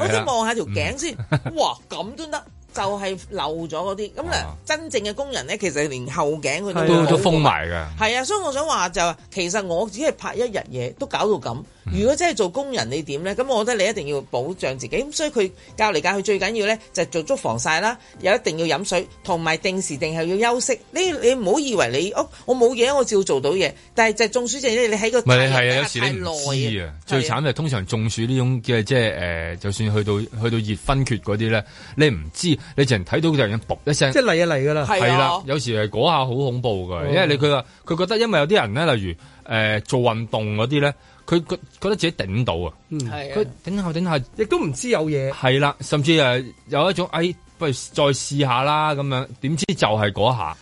Speaker 3: 我先望下條頸先，哇，咁都得。就係漏咗嗰啲，咁咧真正嘅工人咧，其實連後頸佢都都，都封埋㗎。係啊，所以我想話就其實我只係拍一日嘢，都搞到咁。如果真係做工人，你點咧？咁我覺得你一定要保障自己。咁所以佢教嚟教去，最緊要咧就係、做足防曬啦，又一定要飲水，同埋定時定候要休息。呢你唔好以為你、哦、我我冇嘢，我照做到嘢。但係就係中暑症咧，你喺個太太耐
Speaker 2: 啊！最慘就通常中暑呢種嘅即係誒、呃，就算去到去到熱昏厥嗰啲咧，你唔知。你成日睇到佢就樣嘢，卟一聲，即係嚟一
Speaker 4: 嚟噶啦，係啦，
Speaker 2: 有時係嗰下好恐怖噶因為你佢話佢覺得因為有啲人咧，例如誒做運動嗰啲咧，佢覺覺得自己頂到啊，嗯，係，佢頂下頂下亦都唔知有嘢，係啦，甚至誒有一種誒，不如再試下啦咁樣，點知就係嗰下，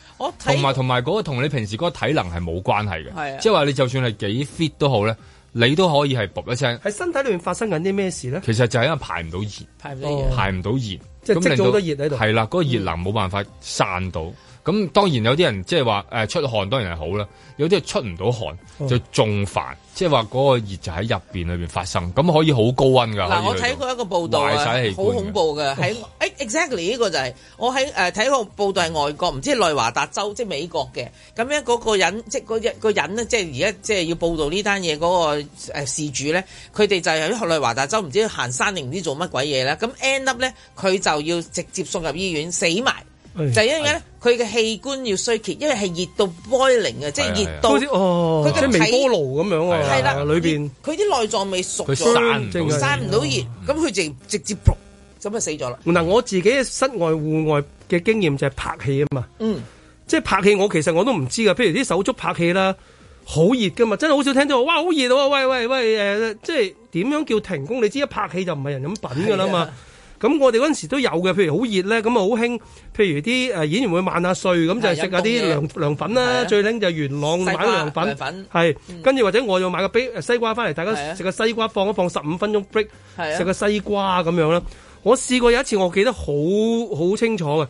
Speaker 1: 同埋
Speaker 2: 同埋嗰個同你平時嗰個體能係冇關係嘅，即係話你就算係幾 fit 都好咧，你都可以係卟一聲，喺
Speaker 4: 身體裏面發生緊啲咩事咧？其
Speaker 2: 實就係因為排唔到熱，
Speaker 4: 排唔到熱，排
Speaker 2: 唔到熱。即係熱喺度係啦，嗰個熱能冇辦法散到。咁當然有啲人即係話誒出汗當然係好啦，有啲出唔到汗就仲煩，即係話嗰個熱就喺入邊裏邊發生，咁可以好高溫噶。嗱，我睇過一個報道好恐
Speaker 3: 怖㗎。喺 (laughs) exactly 呢個就係、是、我喺誒睇個報道係外國，唔知內華達州即係、就是、美國嘅。咁樣嗰個人即係個人咧，即係而家即係要報導呢單嘢嗰個、呃、事主咧，佢哋就喺喺內華達州唔知要行山定唔知做乜鬼嘢咧。咁 end up 咧佢就要直接送入醫院死埋。就係因為咧，佢嘅器官要衰竭，因為係熱到 boiling 啊，即係熱到，啊啊、即係微波爐咁樣喎、啊。係啦、啊，裏邊佢啲內臟未熟，散散唔到熱，咁佢直直接熟，咁就死咗啦。
Speaker 4: 嗱、嗯，我自己室外戶外嘅經驗就係拍戲啊嘛，嗯，即係拍戲，我其實我都唔知噶，譬如啲手足拍戲啦，好熱噶嘛，真係好少聽到哇，好熱啊！喂喂喂喂，誒、呃，即係點樣叫停工？你知一拍戲就唔係人咁品噶啦嘛。咁我哋嗰陣時都有嘅，譬如好熱咧，咁啊好興，譬如啲誒演員會慢下睡，咁就食下啲涼涼粉啦。最靚就元朗買啲涼粉，係跟住或者我又買個冰西瓜翻嚟，大家食個西瓜，放一放十五分鐘 break，食、啊、個西瓜咁樣啦。我試過有一次，我記得好好清楚嘅，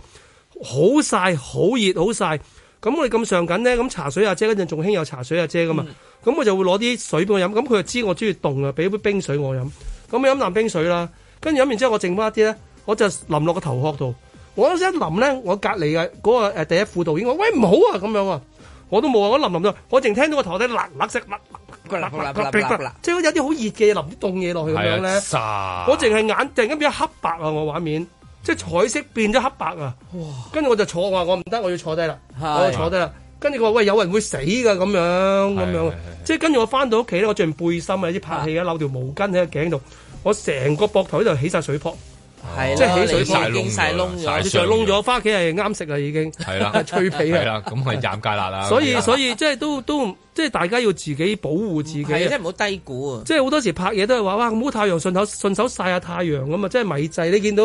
Speaker 4: 好晒，好熱，好晒。咁我哋咁上緊咧，咁茶水阿、啊、姐嗰陣仲興有茶水阿、啊、姐噶嘛，咁、嗯、我就會攞啲水俾我飲，咁佢就知我中意凍啊，俾杯冰水我飲，咁飲啖冰水啦。跟住飲完之後，我剩翻一啲咧，我就淋落個頭殼度。我一淋咧，我隔離嘅嗰個第一副導演話：喂，唔好啊，咁樣啊！我都冇啊，我淋淋到，我淨聽到個頭底辣辣色辣辣辣辣，即係有啲好熱嘅嘢淋啲凍嘢落去咁樣咧。我淨係眼突然間變咗黑白啊！我畫面即係彩色變咗黑白啊！跟住我就坐話，我唔得，我要坐低啦，我要坐低啦。跟住佢話：喂，有人會死噶咁樣咁樣，即係跟住我翻到屋企咧，我著住背心啊，有啲拍戲啊，扭條毛巾喺個頸度。我成個膊頭喺度起晒水泡，係即係起水泡，已經曬窿，曬窿咗，返屋企係啱食啦，已經，係啦，脆皮啦，咁係芥辣啦。所以所以即係都都即係大家要自己保護自己，即係唔好低估啊！即係好多時拍嘢都係話哇，好太陽順手順手曬下太陽咁啊！即係米製你見到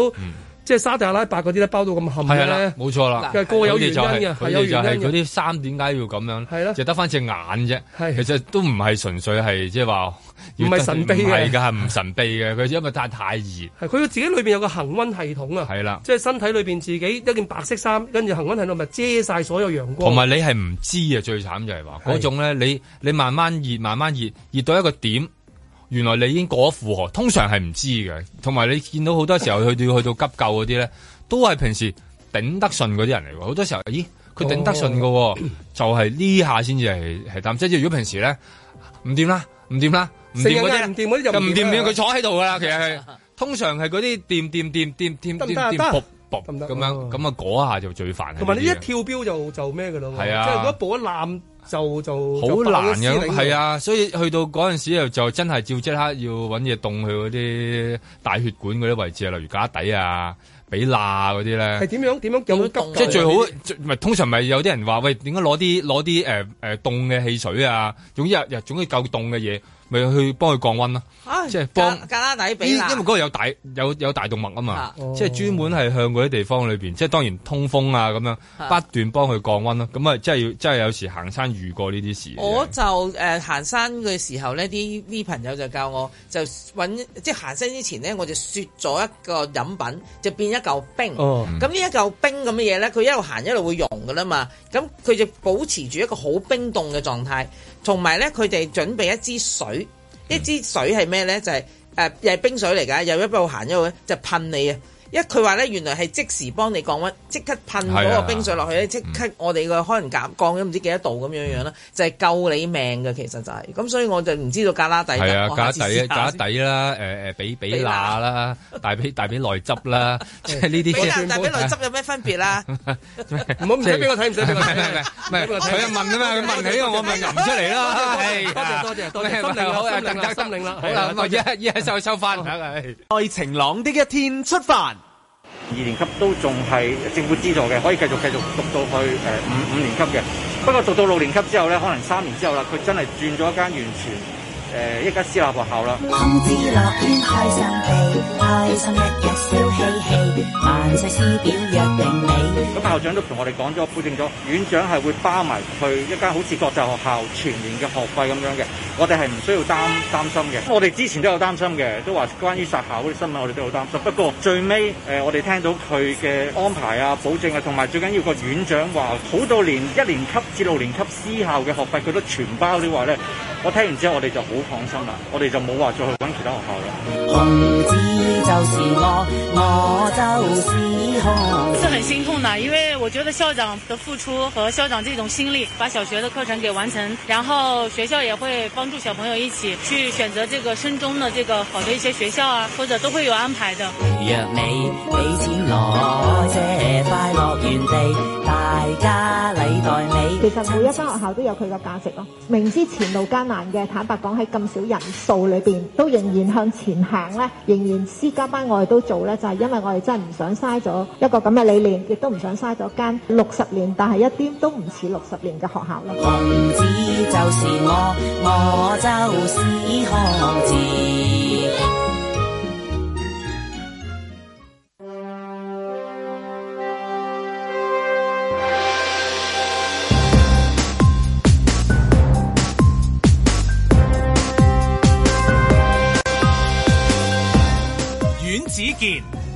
Speaker 4: 即係沙特阿拉伯嗰啲咧包到咁冚嘅冇錯啦，個有原因嘅有原因嗰啲
Speaker 2: 衫點解要咁樣？係咯，就得翻隻眼啫，其實都唔係純粹係即係話。唔係神秘嘅，唔係
Speaker 4: 噶係唔神秘嘅。佢因為太太熱，係佢自己裏邊有個恆溫系統啊。係啦的，即係身體裏邊自己一件白色衫，跟住恆溫系統咪遮晒所有陽光。同埋你係
Speaker 2: 唔知啊，最慘就係話嗰種咧，你你慢慢熱，慢慢熱，熱到一個點，原來你已經過咗負荷，通常係唔知嘅。同埋你見到好多時候去到 (laughs) 去到急救嗰啲咧，都係平時頂得順嗰啲人嚟嘅。好多時候，咦，佢頂得順嘅，哦、就係呢下先至係係膽，即係如果平時咧唔掂啦，唔掂啦。唔掂嘅，唔掂嗰啲就唔掂。唔掂唔掂，佢坐喺度㗎喇。其實係通常係嗰啲掂掂掂掂掂掂掂，卜
Speaker 4: 卜咁樣
Speaker 2: 咁啊，嗰一下就最煩啦。同埋你一
Speaker 4: 跳標就就咩嘅咯，即係如果卜一攬就就好難嘅，係啊。
Speaker 2: 所以去到嗰陣時又就真係照即刻要揾嘢凍佢嗰啲大血管嗰啲位置啊，例如胳底啊、髀罅嗰啲咧。係點
Speaker 4: 樣點樣夠急？即係最好，
Speaker 2: 咪通常咪有啲人話喂，點解攞啲攞啲誒誒凍嘅汽水啊？總之又又總之夠凍嘅嘢。咪去幫佢降溫咯，即係、啊、幫
Speaker 3: 隔籬底俾，因為
Speaker 2: 嗰度有大有有大動脈啊嘛，即係、啊、專門係向嗰啲地方裏邊，即、就、係、是、當然通風啊咁樣，啊、不斷幫佢降溫咯。咁啊，即係要即係有時行山遇過呢啲事。我
Speaker 3: 就誒、呃、行山嘅時候呢啲啲朋友就教我，就揾即係行山之前呢，我就雪咗一個飲品，就變一嚿冰。咁、哦、呢一嚿冰咁嘅嘢咧，佢一路行一路會溶噶啦嘛，咁佢就保持住一個好冰凍嘅狀態。同埋咧，佢哋準備一支水，一支水係咩咧？就係、是、誒、呃，又係冰水嚟㗎，有一步行一路咧，就噴你啊！一佢話咧，原來係即時幫你降溫，即刻噴嗰個冰水落去咧，即刻我哋個可能降咗唔知幾多度咁樣樣啦，就係救你命嘅其實就係咁，所以我就唔知道格拉底係啊，格拉底格拉底
Speaker 2: 啦，誒誒比比娜啦，大髀大髀內汁啦，即係呢啲先最唔好。大髀內汁
Speaker 3: 有咩分別啊？
Speaker 2: 唔好唔使俾我睇，唔使俾我睇，唔係唔係俾我睇佢問啊嘛，咁問你，因為我問唔出嚟啦。係多謝多謝，心領啦，心領啦，好啦，依
Speaker 1: 家依家收收返啦，係。在晴朗的一天出發。
Speaker 2: 二年級都仲係政府資助嘅，可以繼續繼續讀到去誒、呃、五五年級嘅。不過讀到六年級之後咧，可能三年之後啦，佢真係轉咗一間完全。誒、呃，一間私立學校啦。咁、嗯、校長都同我哋講咗，保證咗，院長係會包埋佢一間好似國際學校全年嘅學費咁樣嘅，我哋係唔需要擔擔心嘅。我哋之前都有擔心嘅，都話關於殺校啲新聞我哋都好擔心。不過最尾誒、呃，我哋聽到佢嘅
Speaker 5: 安排啊，保證啊，同埋最緊要個院長話，好到連一年級至六年級私校嘅學費佢都全包的話咧，我聽完之後我哋就好。放心啦，我哋就冇話再去其他
Speaker 1: 學校啦。紅子就是我，我就是紅。真係
Speaker 3: 辛苦啦，因為我覺得校長的付出和校長這種心力，把小學的課程給完成，然後學校也會幫助小朋友一起去選擇這個升中的這個好的一些學校啊，或者都會有安排的。
Speaker 1: 若你俾錢來借快樂園地，大家禮待你。其實每一
Speaker 3: 間學校都有
Speaker 2: 佢嘅價值咯、啊，明知前路艱難嘅，坦白講喺。咁少人數裏邊，都仍然向前行咧，仍然私家班我哋都做咧，就係因為我哋真係唔想嘥咗一個咁嘅理念，亦都唔想嘥咗間六十年，但係一啲都唔似六十年嘅學校啦。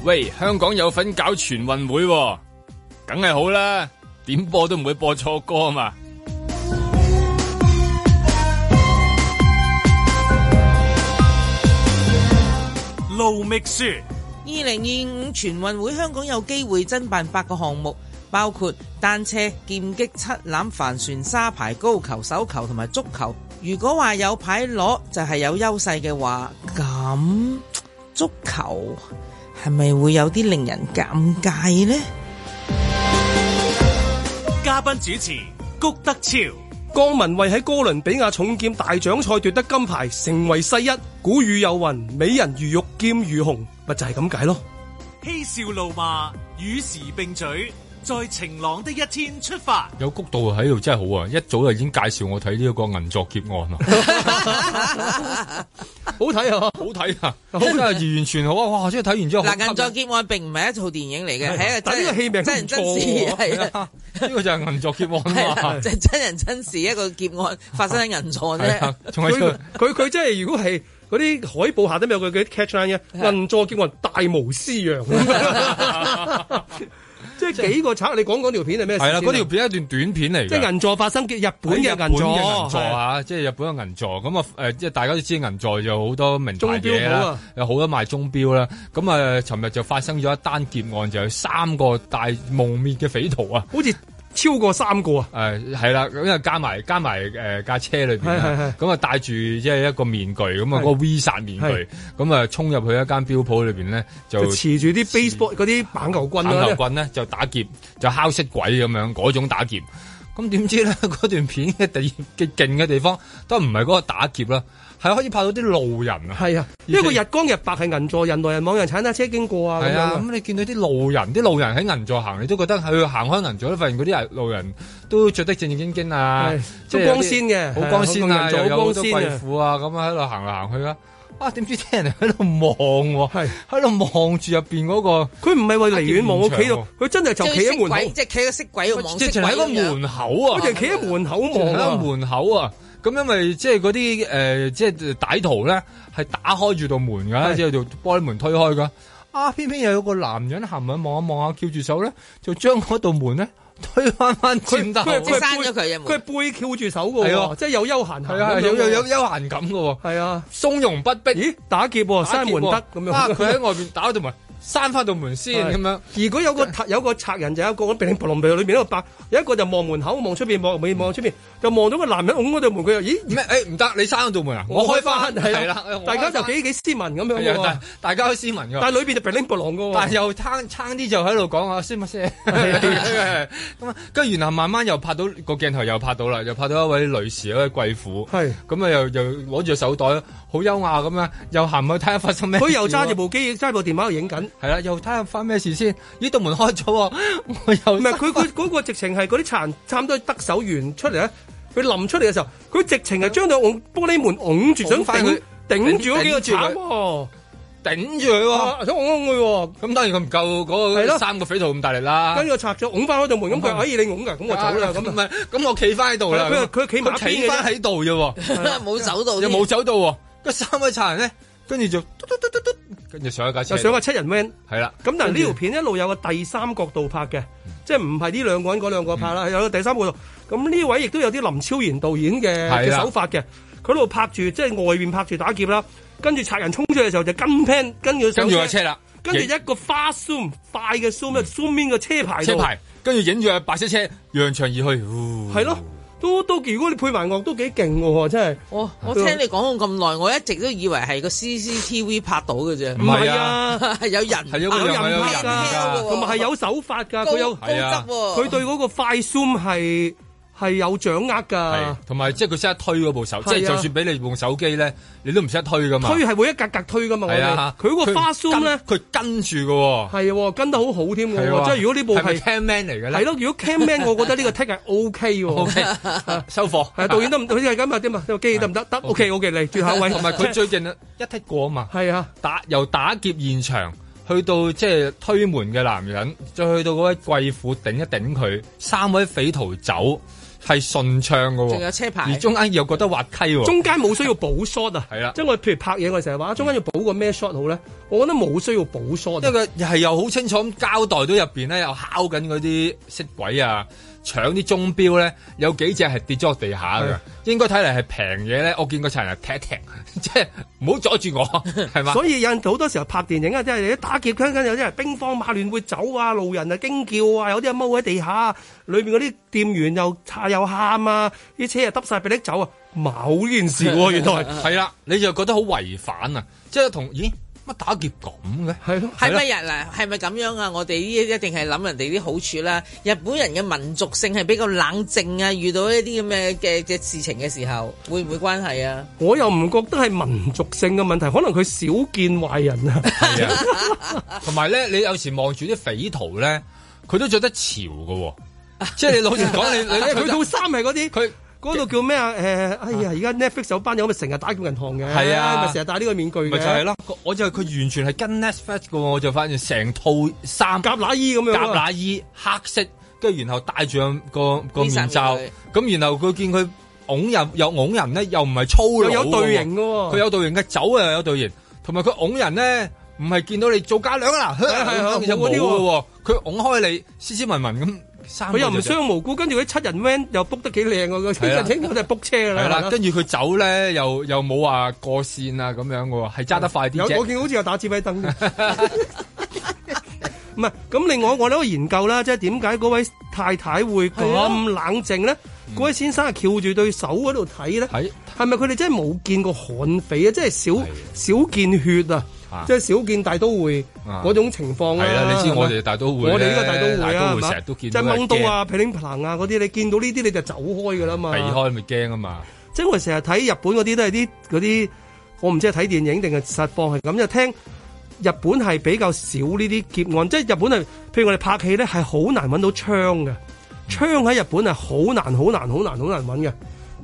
Speaker 2: 喂，香港有份搞全運會喎，梗係好啦。點播都唔會播錯歌嘛。
Speaker 1: 盧覓雪，
Speaker 3: 二零二五全運會香港有機會爭辦八個項目，包括單車、劍擊、七欖、帆船、沙排、高球、手球同埋足球。如果話有牌攞就係、是、有優勢嘅話，咁。足球係咪會有啲令人尷尬呢？
Speaker 1: 嘉賓主持谷德超，
Speaker 4: 江文蔚喺哥倫比亞重劍大獎賽奪得金牌，成為世一。古語有云：美人如玉，劍如虹，咪就係咁解咯。
Speaker 1: 嬉笑怒罵，與時並進。在晴朗的一天出發，
Speaker 4: 有谷導喺度真係好啊！一早就已經
Speaker 2: 介紹我睇呢一個銀座劫案啊，
Speaker 1: 好睇啊，好
Speaker 2: 睇啊，真係完全好啊！哇，真睇完之後，嗱，銀座劫案並唔係一套電影嚟
Speaker 3: 嘅，係一個真
Speaker 2: 人真事，係啊，呢個就係銀座劫案啊，係
Speaker 3: 真人真事一個劫案發生喺銀座啫。
Speaker 4: 佢佢真係，如果係嗰啲海報下都有佢嘅 catch line 嘅銀座劫案，大模廝樣。即係是幾個賊？你講嗰條片係咩啊？係啦，嗰條
Speaker 2: 片一段短片嚟嘅。即係銀
Speaker 4: 座發生嘅，日本嘅銀座吓，
Speaker 2: 即係日本嘅銀座。咁啊，誒，即係大家都知銀座就好多名牌嘢啦，有好、啊、多賣鐘錶啦。咁、嗯、啊，尋、呃、日就發生咗一單劫案，就有三個大蒙面嘅匪徒啊。好似。超過三個啊！誒、啊，係啦，咁啊加埋加埋誒架車裏邊，咁是的 啊帶住即係一個面具，咁啊嗰個 V 煞面具，咁啊衝入去一間表鋪裏邊咧，就，就持
Speaker 4: 住啲 baseball 嗰啲棒球棍咧，
Speaker 2: 就打劫，就敲色鬼咁樣，嗰種打劫。咁、啊、點知咧，嗰段片嘅第嘅勁嘅地方，都唔係嗰個打劫啦。係可以拍到啲路人啊！
Speaker 4: 係啊，因為個日光日白係銀座，人來人往，人踩單車經過啊。係啊，咁
Speaker 2: 你見到啲路人，啲路人喺銀座行，你都覺得係行開銀座都發現嗰啲人路人都着得正正經經啊，好光鮮嘅，好光鮮啊，又有好多貴婦啊，咁樣喺度行嚟行去啊。啊，點知啲
Speaker 4: 人喺度望喎，喺度望住入邊嗰個，佢唔係話離遠望，我企度，佢真係就企喺門口，即係
Speaker 3: 企喺色鬼望色鬼嗰門口啊，佢就
Speaker 4: 企喺門口望
Speaker 2: 門口啊。咁因為即係嗰啲誒，即係歹徒咧，係打開住道門噶，即係的就玻璃門推開噶。啊，偏偏又有個男人行埋，望一望下，翹住手咧，就將嗰道門咧推
Speaker 4: 翻翻，佢佢係即係閂咗佢嘅門，佢背翹住手嘅，係即係有悠閒，係啊，有有有悠閒感嘅，係啊的，松容不迫。咦，打劫，啊、閂、啊、門得咁樣，佢喺、啊、外邊打開道門。 (laughs) (laughs) 閂翻道門先咁樣。如果有個有、啊、個賊人，就有一個喺 bling bling bling 裏邊喺度有一個就望門口望出邊望出邊，就望到個男人拱嗰道門，佢就咦咩？誒唔得，你閂緊道門啊！我開翻大家就幾幾斯文咁樣喎的、啊。大家斯文噶，但係裏邊就 bling 喎。 (laughs) 但係又撐撐啲就喺度講啊，斯乜斯？
Speaker 2: 咁啊，跟住然後慢慢又拍到、個鏡頭，又拍到啦，又拍到一位女士，一位貴婦。係咁啊，又又攞住手袋。好優雅咁樣，又行去睇下發生咩？佢又揸住部
Speaker 4: 機，揸部電話影緊。係啦，又睇下發生咩事先？呢度門開咗，我又唔係佢佢個直情係嗰啲殘差唔多得手員出嚟咧。佢臨出嚟嘅時候，佢直情係將到用玻璃門拱住想快佢頂住嗰幾個字，
Speaker 2: 頂住佢
Speaker 4: 想拱佢。咁當然佢唔夠嗰個三個匪徒咁大
Speaker 2: 力啦。跟住
Speaker 4: 我插咗，拱翻嗰道門，咁佢可以你拱噶，咁我走啦。咁咁，我企翻喺度啦。佢企埋，企翻喺度啫。冇走到，又冇走到。三位賊人咧，跟住就嘟嘟嘟嘟嘟，跟住上一架車，有上架七人 van，係啦。咁但係呢條片一路有個第三角度拍嘅，嗯、即係唔係呢兩個人嗰兩個拍啦，嗯、有個第三角度。咁呢位亦都有啲林超賢導演嘅手法嘅，佢喺度拍住即係外面拍住打劫啦，跟住賊人衝出嘅時候就跟 pan 跟住上跟住架車啦，跟住一個 fast zoom、嗯、快嘅 zoom zoom in 嘅車,車牌，車牌跟住影住架白色車揚長而去，係咯。都都，如果你配埋樂都幾勁喎，真係。哦，我聽你講咁耐，我一直都以為係個
Speaker 3: CCTV
Speaker 4: 拍到嘅啫。唔係啊， (laughs) 有
Speaker 2: 人有，有人
Speaker 4: 拍㗎，同埋係有手法噶，佢高有高質，佢對嗰個快閃係。係有掌握噶，
Speaker 2: 同埋即係佢識得推嗰部
Speaker 4: 手，即係就算俾你部手機咧，你都唔識得推噶嘛。推係會一格格推噶嘛，係啊。佢個花蘇心咧，
Speaker 2: 佢跟住嘅
Speaker 4: 喎，跟得好好添喎。即係如果呢部係 can man 嚟嘅咧，係咯。如果 can man，我覺得呢個剔 a 係 O K，收貨。係導演都唔好似係咁啊，點啊，個機器得唔得？得 O K，O K，嚟轉下位。同埋佢最近一剔過啊嘛。
Speaker 2: 係啊，打由打劫現場去到即係推門嘅男人，再去到嗰位貴婦頂一頂佢，三位匪徒走。係順暢嘅，仲有車牌，而中間又覺得滑稽喎。 (laughs) 中
Speaker 4: 間冇需要補 shot 啊，係啦 (laughs) 了。即係我譬如拍嘢，我成日話中間要補個咩 shot 好咧，我覺得冇需要補、啊、shot， (laughs) 因為佢係
Speaker 2: 又好清楚咁交代到入邊咧，又敲緊嗰啲色鬼啊。搶啲鐘錶咧，有幾隻係跌咗落地下嘅，的應該睇嚟係平嘢咧。我見過陳啊踢一踢，即係唔好阻住我，係嘛？所以
Speaker 4: 有好多時候拍電影啊，即係打劫鏡鏡，跟跟有啲人兵荒馬亂會走啊，路人啊驚叫啊，有啲啊踎喺地下啊，裏邊嗰啲店員又吵又喊啊，啲車啊揼曬俾你走啊，冇呢件事喎，原來係啦，
Speaker 2: 你就覺得好違反啊，即係同咦？乜打劫咁嘅，係咯、啊？係咪日
Speaker 3: 嗱，係咪咁樣啊？我哋呢一定係諗人哋啲好處啦、啊。日本人嘅民族性係比較冷靜啊，遇到呢啲咁嘅嘅嘅
Speaker 2: 事情嘅時候，會唔會關係啊？
Speaker 4: 我又唔覺得係民族性嘅問題，可能佢少見壞人啊。
Speaker 2: 同埋咧，你有時望住啲匪徒咧，佢都着得潮噶、哦，
Speaker 4: 即係 (laughs) 你老實講， (laughs) 你你佢套衫係嗰啲佢。嗰度叫咩啊？誒，哎呀，而家 Netflix 有班人咪成日打劫銀行嘅，係啊，咪成日戴呢個面具咪就係
Speaker 2: 咯，我就係佢完全係跟 Netflix 嘅喎，我就發現成套衫、夾乸衣咁樣，夾乸衣黑色，跟住然後戴住個個面罩，咁然後佢見佢拱人又拱人咧，又唔係粗佬，有隊形嘅喎，佢有隊形嘅走呀有隊形，同埋佢拱人咧，唔係見到你做嫁娘啊，係係係，有冇呢個？佢拱開你斯斯文文咁。佢又唔傷無辜，跟住嗰七人 van 又 book 得幾靚啊！幾人請
Speaker 4: 咁就 book 車啦。係啦、啊，跟住
Speaker 2: 佢走咧，又又冇話過線啊咁樣嘅喎，係揸得快啲、啊、我見
Speaker 4: 到好似有打指揮燈。唔係，咁另外我都研究啦，即係點解嗰位太太會咁冷靜咧？嗰、啊、位先生係翹住對手喺度睇咧，係咪佢哋真係冇見過悍匪啊？即係少少見血啊！的即係少見大都會嗰、啊、種情況係啦。吧你知我哋大都會，我哋呢個大都會啊，成日都見是是即係掹刀啊、劈 link 棚啊嗰啲、啊，你見到呢啲你就走開噶啦嘛，避開咪驚啊嘛！即係我成日睇日本嗰啲都係啲啲，我唔知係睇電影定係實況係咁，就聽日本係比較少呢啲劫案，即係日本係，譬如我哋拍戲咧係好難揾到槍嘅，槍喺日本係好難、好難、好難、好難、好難、好難、好難、好難揾嘅。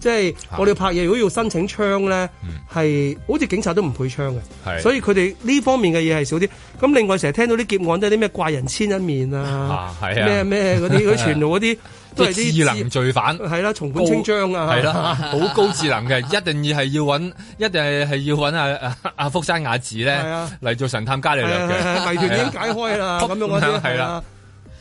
Speaker 4: 即係我哋拍嘢，如果要申請槍咧，係好似警察都唔配槍嘅，所以佢哋呢方面嘅嘢係少啲。咁另外成日聽到啲劫案都係啲咩怪人千一面啊，咩咩嗰啲，嗰啲全路嗰啲
Speaker 2: 都係啲智能罪犯。係啦，松本清張啊，係啦，好高智能嘅，一定要係要揾，一定係係要揾阿阿福山雅治咧嚟做神探加利略嘅，謎團已經解開啦，咁樣嗰啲係啦。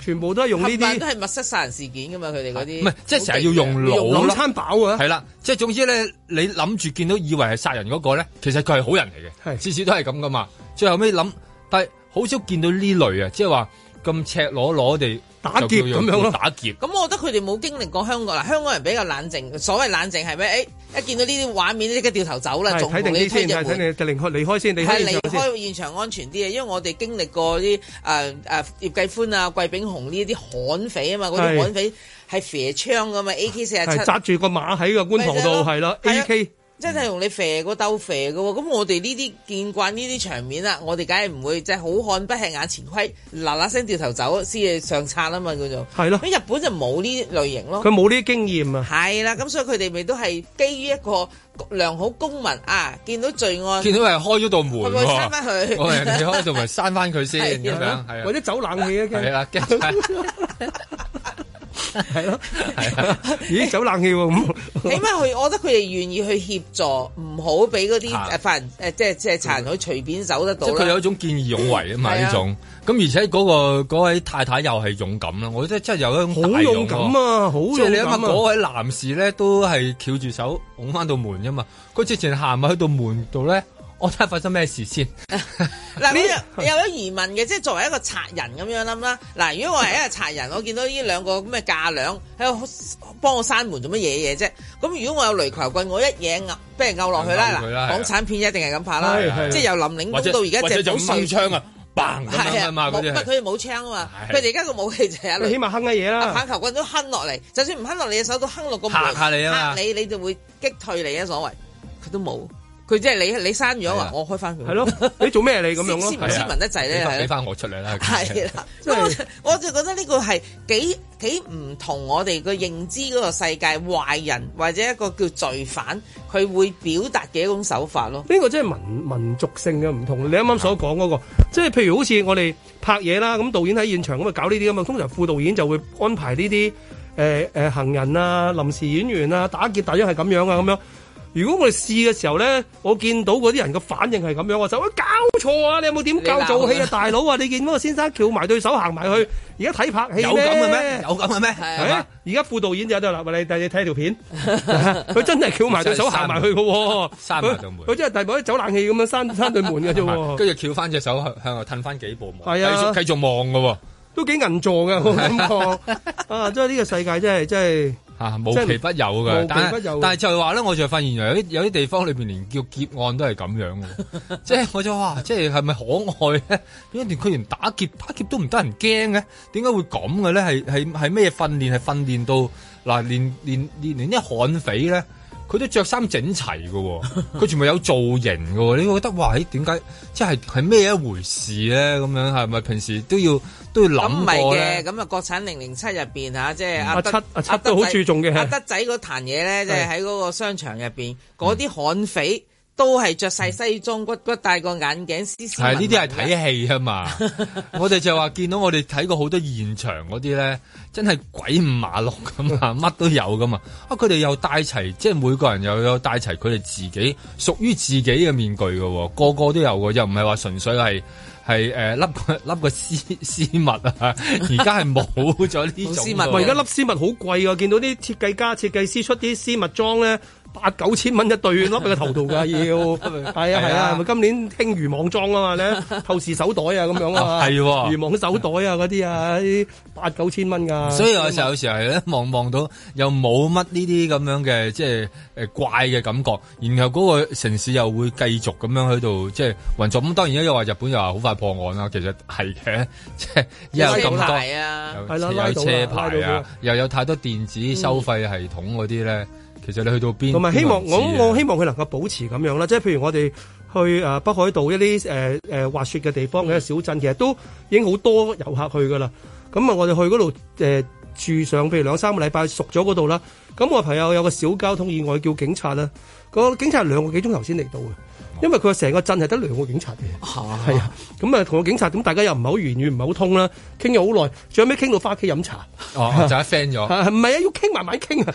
Speaker 4: 全部都係用呢啲，都
Speaker 3: 係密室殺人事件噶嘛？佢哋嗰啲唔係即係成日要用腦，攞餐
Speaker 2: 飽啊！係啦，即係總之咧，你諗住見到以為係殺人嗰個咧，其實佢係好人嚟嘅，次次都係咁噶嘛。最後尾諗，但係好少見到呢類啊，即係話咁赤裸裸地。
Speaker 4: 打劫咁樣咯，打劫。
Speaker 3: 咁我覺得佢哋冇經歷過香港，嗱香港人比較冷靜。所謂冷靜係咩？誒一見到呢啲畫面，即刻掉頭走啦。仲睇定你傾完，就令
Speaker 4: 開離開先，離開先。係離開現場,開現
Speaker 3: 場,現場安全啲啊！因為我哋經歷過啲誒誒葉繼歡啊、季炳雄呢啲悍匪啊嘛，嗰啲悍匪係射槍㗎嘛，AK 四七。扎
Speaker 4: 住個馬喺個觀塘度，係啦了，AK。
Speaker 3: 真係用你肥個兜肥嘅喎，咁我哋呢啲見慣呢啲場面啦，我哋梗係唔會，即係好漢不吃眼前虧，嗱嗱聲掉頭走，先至上策啊嘛，叫做
Speaker 4: 係咯。喺的日本就冇呢類型咯，佢冇呢啲經驗啊。
Speaker 3: 係啦，咁所以佢哋咪都係基於一個良好公民啊，見到罪案，見到係
Speaker 4: 開咗道門，啊，佢咪
Speaker 2: 閂翻佢，我係開咗道咪閂翻佢先，係的或
Speaker 4: 者走冷氣啊，係啊。 (laughs) (laughs) 係咯， (laughs) (laughs) 咦走冷氣喎咁？起
Speaker 2: 碼
Speaker 3: 佢，我覺得佢哋願意去協助，唔好俾嗰啲誒犯人誒，即係即係殘害佢隨便
Speaker 2: 走得到。即係佢有一種見義勇為、嗯、啊嘛呢種。咁而且嗰、那個嗰位、那個那個、太太又係勇敢啦，我覺得真係有一種好勇敢啊！好勇敢啊！你睇下嗰位男士咧，都係翹住手拱翻到門啫嘛。佢直情行埋去到門度咧。我睇下發生咩事先。
Speaker 3: 嗱， (laughs) (laughs) 你有咗疑問嘅，即係作為一個賊人咁樣諗啦。嗱，如果我係一個賊人，我見到呢兩個咁嘅架梁喺度幫我閂門，做乜嘢嘢啫？咁如果我有雷球棍，我一嘢拗，俾人拗落去勾勾啦。啦，港產片一定係咁拍啦，即係由林嶺
Speaker 1: 東到而家就冇槍啊！嘣，係啊嘛嗰啲。佢
Speaker 3: 哋冇槍啊嘛，佢哋而家個武器就係起碼哼啲嘢啦。棒球棍都哼落嚟，就算唔哼落嚟隻手都哼落個門。嚇你啊嘛！你你就會擊退你嘅所謂。佢都冇。佢即係你，你刪咗啊！的我開翻佢。係咯，
Speaker 4: 你做咩你咁樣咯？先唔先斯文得滯咧？俾翻我出嚟啦！係
Speaker 2: 啦
Speaker 3: 的，我就覺得呢個係幾幾唔同我哋個認知嗰個世界，壞人或者一個叫罪犯，佢會表達嘅一種手法咯。
Speaker 4: 呢個即係民民族性嘅唔同。你啱啱所講嗰、嗰個，的即係譬如好似我哋拍嘢啦，咁導演喺現場咁啊搞呢啲咁啊，通常副導演就會安排呢啲誒誒行人啊、臨時演員啊、打劫、打劫係咁樣啊咁樣。如果我哋試嘅時候咧，我見到嗰啲人嘅反應係咁樣，我就喂、哎、搞錯啊！你有冇點教做戲啊？鬧大佬啊？你見嗰個先生翹埋對手行埋去，而家睇拍戲有咁嘅咩？有咁嘅咩？係啊！而家、欸、副導演就有得啦，話你睇條片。佢 (laughs) 真係翹埋對手行埋去嘅，閂埋對門。佢真係大部走冷氣咁樣閂閂對門嘅啫。跟
Speaker 2: 住翹翻隻手向向後褪翻幾步，望繼、啊、續繼
Speaker 4: 續望嘅。都幾銀座嘅感覺啊！即係呢個世界真係真係。真啊，無奇不有噶，有但係是但係
Speaker 2: 就係話咧， (noise) 我就發現有啲有啲地方裏邊連叫劫案都係咁樣嘅，
Speaker 4: 即係我就話，
Speaker 2: 即係係咪可愛咧？點解佢連打劫打劫都唔得人驚嘅？點解會咁嘅咧？係係係咩訓練？係訓練到嗱、啊，連連連連啲悍匪咧，佢都着衫整齊嘅，佢全部有造型嘅， (laughs) 你會覺得哇，點解即係係咩一回事咧？咁樣係咪平時都要？都諗唔係嘅，
Speaker 3: 咁啊，國產零零七入邊啊，即係阿七阿七都好注重嘅。阿德、啊、仔嗰壇嘢咧，即係喺嗰個商場入邊，嗰啲悍匪都係着晒西裝，骨骨、嗯、戴個眼鏡，黐呢啲係睇戲
Speaker 2: 啊嘛！ (laughs) 我哋就話見到我哋睇過好多現場嗰啲咧，真係鬼五馬六咁啊，乜都有噶嘛！啊，佢哋又帶齊，即係每個人又有帶齊佢哋自己屬於自己嘅面具嘅，個個都有嘅，又唔係話純粹係。係誒，笠、呃、個笠個絲絲襪啊！而家係冇咗呢
Speaker 4: 種，唔係而家笠絲襪好貴噶，見到啲設計家、設計師出啲絲襪裝咧。八九千蚊一對，笠喺個頭度噶要，係啊係啊，咪今年興魚網裝啊嘛咧，透視手袋啊咁樣啊嘛，係魚網嘅手袋啊嗰啲啊，八九千蚊噶。所以有時有
Speaker 2: 時係咧望，望到又冇乜呢啲咁樣嘅即係誒怪嘅感覺，然後嗰個城市又會繼續咁樣喺度即係運作。咁當然咧又話日本又話好快破案啦，其實係嘅，即係又咁大，係啦，有車牌啊，又有太多電子收費系統嗰啲咧。其實你去到邊，同埋，希望我我希
Speaker 4: 望佢能夠保持咁樣啦。即係譬如我哋去誒北海道一啲誒誒滑雪嘅地方嘅一小鎮，其實都已經好多遊客去噶啦。咁啊，我哋去嗰度誒住上，譬如兩三個禮拜熟咗嗰度啦。咁我朋友有個小交通意外，叫警察啦。個警察兩個幾鐘頭先嚟到嘅。因為佢成個鎮係得兩個警察嘅，係啊，咁啊，同個警察咁，大家又唔係好言語，唔係好通啦，傾咗好耐，最後尾傾到返屋企飲茶，
Speaker 2: 就係 friend 咗，
Speaker 4: 唔係啊，要傾慢慢傾啊，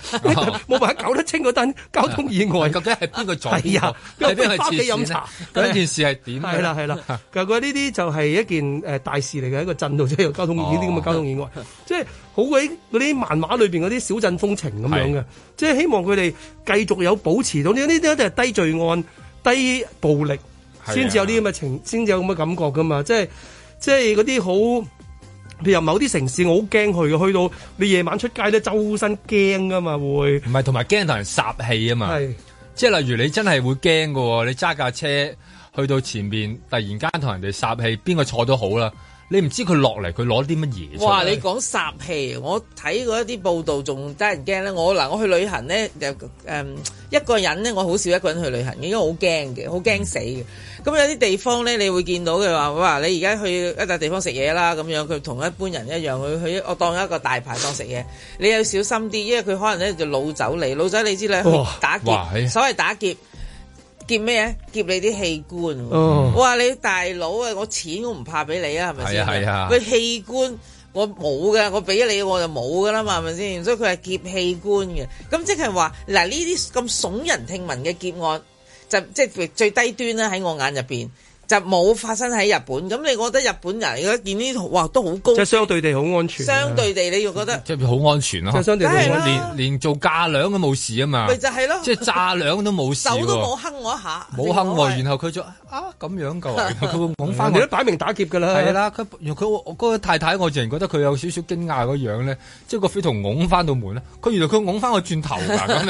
Speaker 4: 冇辦法搞得清嗰單交通意外究竟係邊個撞啊？係邊個返屋企飲茶？嗰件事係點？係啦係啦，就覺得呢啲就係一件誒大事嚟嘅，一個鎮度即係交通呢啲咁嘅交通意外，即係好鬼嗰啲漫畫裏邊嗰啲小鎮風情咁樣嘅，即係希望佢哋繼續有保持到呢，呢啲一定係低罪案。低暴力先至有啲咁嘅情，先至是、啊、有咁嘅感覺噶嘛，即係即係嗰啲好，譬如某啲城市我好驚去，去到你夜晚出街咧，都周身驚噶嘛會，唔係，同埋驚同人殺氣
Speaker 2: 啊嘛，是即係例如你真係會驚嘅喎，你揸架車去到前面，突然間同人哋殺氣，邊個錯都好啦。你唔知佢落嚟佢攞啲乜嘢出嚟？哇！你
Speaker 3: 講殺氣，我睇嗰一啲報道仲得人驚咧。我嗱我去旅行咧，就、呃、誒一個人咧，我好少一個人去旅行嘅，因為好驚嘅，好驚死嘅。咁、嗯嗯嗯、有啲地方咧，你會見到佢話哇，你而家去一笪地方食嘢啦咁樣，佢同一般人一樣，佢去我當一個大排檔食嘢，嗯、你要小心啲，因為佢可能咧就老走嚟，老走你知啦，去打劫，哇所謂打劫。劫咩嘢？劫你啲器官！我話你大佬啊，我錢我唔怕俾你啊，係咪先？係啊，佢器官我冇噶，我俾咗你我就冇噶啦嘛，係咪先？所以佢係劫器官嘅。咁即係話嗱呢啲咁聳人聽聞嘅劫案，就即係、就是、最低端啦，喺我眼入邊。就冇發生喺日本，咁你覺得日本人而家見啲哇都好高級，即係相
Speaker 4: 對地好安全。相
Speaker 3: 對地，你又覺得
Speaker 2: 即係好安全咯。即係相對地，連連做嫁倆都冇事啊嘛。咪就係咯，即係炸倆都冇事，手都冇哼我一下，冇哼喎。然後佢就啊咁樣㗎，佢會拱翻。你都擺明打劫㗎啦，係啦。佢佢我個太太，我淨係覺得佢有少少驚訝
Speaker 4: 個樣咧，即係個匪徒拱翻到門咧。佢原來佢拱翻我轉頭啊，咁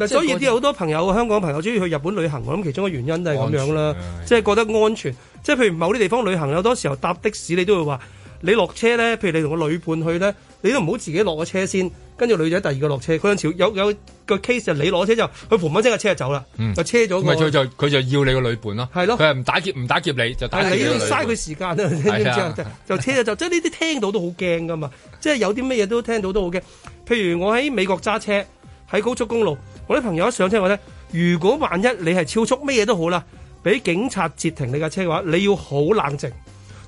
Speaker 4: 樣。所以啲好多朋友，香港朋友中意去日本旅行，我諗其中嘅原因都係咁樣啦，即係覺得安全，即係譬如某啲地方旅行，有多時候搭的士，你都會話，你落車咧，譬如你同個女伴去咧，你都唔好自己落個車先，跟住女仔第二個落車，佢有朝有有個 case 就你攞車就，佢嘭一聲架車就走啦，就車咗。唔係
Speaker 2: 佢就要你個女伴咯，係咯，佢係唔打劫唔打劫你就但係你要嘥佢時間啊，你知唔知啊？
Speaker 4: 就車就即係呢啲聽到都好驚噶嘛，即係有啲咩嘢都聽到都好驚。譬如我喺美國揸車喺高速公路，我啲朋友一上車話咧，如果萬一你係超速乜嘢都好啦。俾警察截停你架車嘅話，你要好冷靜，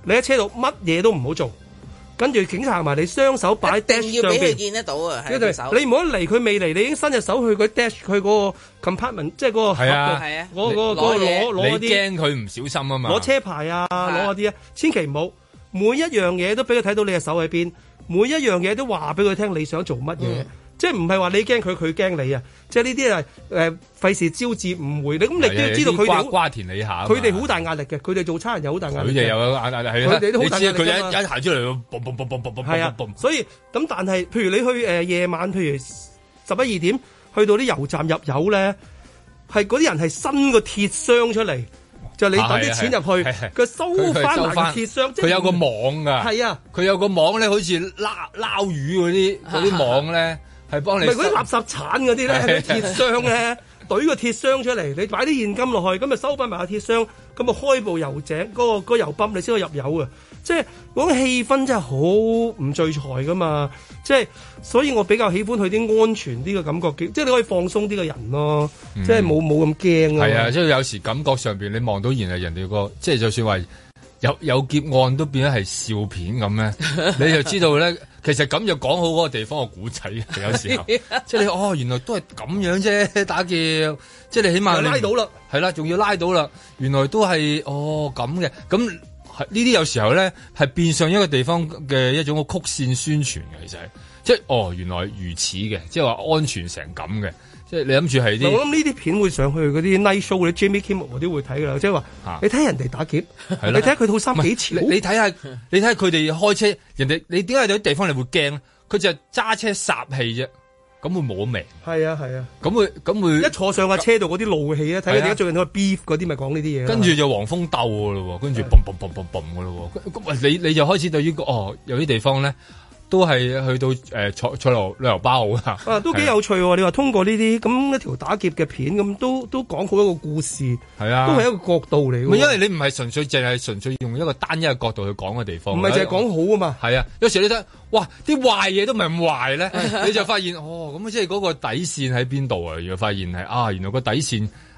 Speaker 4: 你喺車度乜嘢都唔好做，跟住警察行埋，你雙手擺喺 dash 上邊，一定
Speaker 3: 要俾佢見得到，你
Speaker 4: 唔好嚟佢未嚟，你已經伸隻手去佢 dash 佢嗰個 compartment，即係嗰個，係啊，係啊，我攞攞啲，你驚
Speaker 2: 佢唔小心啊嘛，攞車
Speaker 4: 牌啊，攞嗰啲啊，千祈唔好，每一樣嘢都俾佢睇到你嘅手喺邊，每一樣嘢都話俾佢聽你想做乜嘢。即係唔係話你驚佢，佢驚你啊！即係呢啲係誒，費事招致誤會。你咁，你都要知道佢哋，瓜田李下。佢哋好大壓力嘅，佢哋做差人又好大壓力。佢哋又有壓
Speaker 5: 力，係啦。佢哋都好大壓力。你知佢一行出嚟，嘣嘣嘣嘣嘣
Speaker 4: 嘣，係啊！所以咁，但係譬如你去誒夜晚，譬如十一二點，去到啲油站入油咧，係嗰啲人係伸個鐵箱出嚟，就你抌啲錢入去，佢收翻埋個鐵箱。佢有個
Speaker 2: 網噶，係啊，
Speaker 4: 佢有個網咧，好似撈撈魚嗰啲嗰啲網咧。
Speaker 2: 係幫你，嗰啲垃
Speaker 4: 圾鏟嗰啲咧，啲鐵箱咧，隊 (laughs) 個鐵箱出嚟，你擺啲現金落去，咁咪收翻埋個鐵箱，咁咪開部油井，嗰、嗰個嗰個油泵你先可以入油啊！即係嗰個氣氛真係好唔聚財噶嘛，即、就、係、是、所以我比較喜歡佢啲安全啲嘅感覺，即、就、係、是、你可以放鬆啲嘅人咯，即係冇冇咁驚啊！係啊，
Speaker 2: 即係有時感覺上邊你望到然係人哋個，即係就算話。有有劫案都變咗係笑片咁咧， (laughs) 你就知道咧，其實咁就講好嗰個地方嘅古仔，有時候即係 (laughs) 你哦，原來都係咁樣啫，打劫，即係你起碼拉到啦，係啦，仲要拉到啦，原來都係哦咁嘅，咁呢啲有時候咧係變相一個地方嘅一種曲線宣傳嘅，其實係即係哦，原來如此嘅，即係話安全成咁嘅。即係你諗住係啲，我諗
Speaker 4: 呢啲片會上去嗰啲 Nice Show 嗰啲 Jimmy Kimmel 嗰啲會睇噶啦，即係話，你睇人哋打劫，啊、你睇下佢套衫幾潮，你睇下，你睇下佢哋開車，人哋你點解有啲地方你會
Speaker 2: 驚佢就揸車煞氣啫，咁會冇味。
Speaker 4: 係啊係啊，
Speaker 2: 咁、啊、會咁
Speaker 4: 會一坐上架車度嗰啲怒氣啊！睇下點解最近都個 Beef 嗰啲咪講呢啲嘢？跟住就
Speaker 2: 黃蜂鬥噶啦，跟住嘣嘣嘣嘣嘣噶啦，喂你你就開始對於哦有啲地方咧。都係去到誒、呃、坐坐落旅遊巴好啊，都幾有
Speaker 4: 趣喎！啊、你話通過呢啲咁一條打劫嘅片咁，都都講好一個故事，係啊，都係一個角度嚟。唔係因
Speaker 2: 為你唔係純粹淨係純粹用一個單一嘅角度去講嘅地方，唔係淨係講好啊嘛。係啊，有時你得哇啲壞嘢都唔係咁壞咧， (laughs) 你就發現哦咁，即係嗰個底線喺邊度啊？如果發現係啊，原來個底線。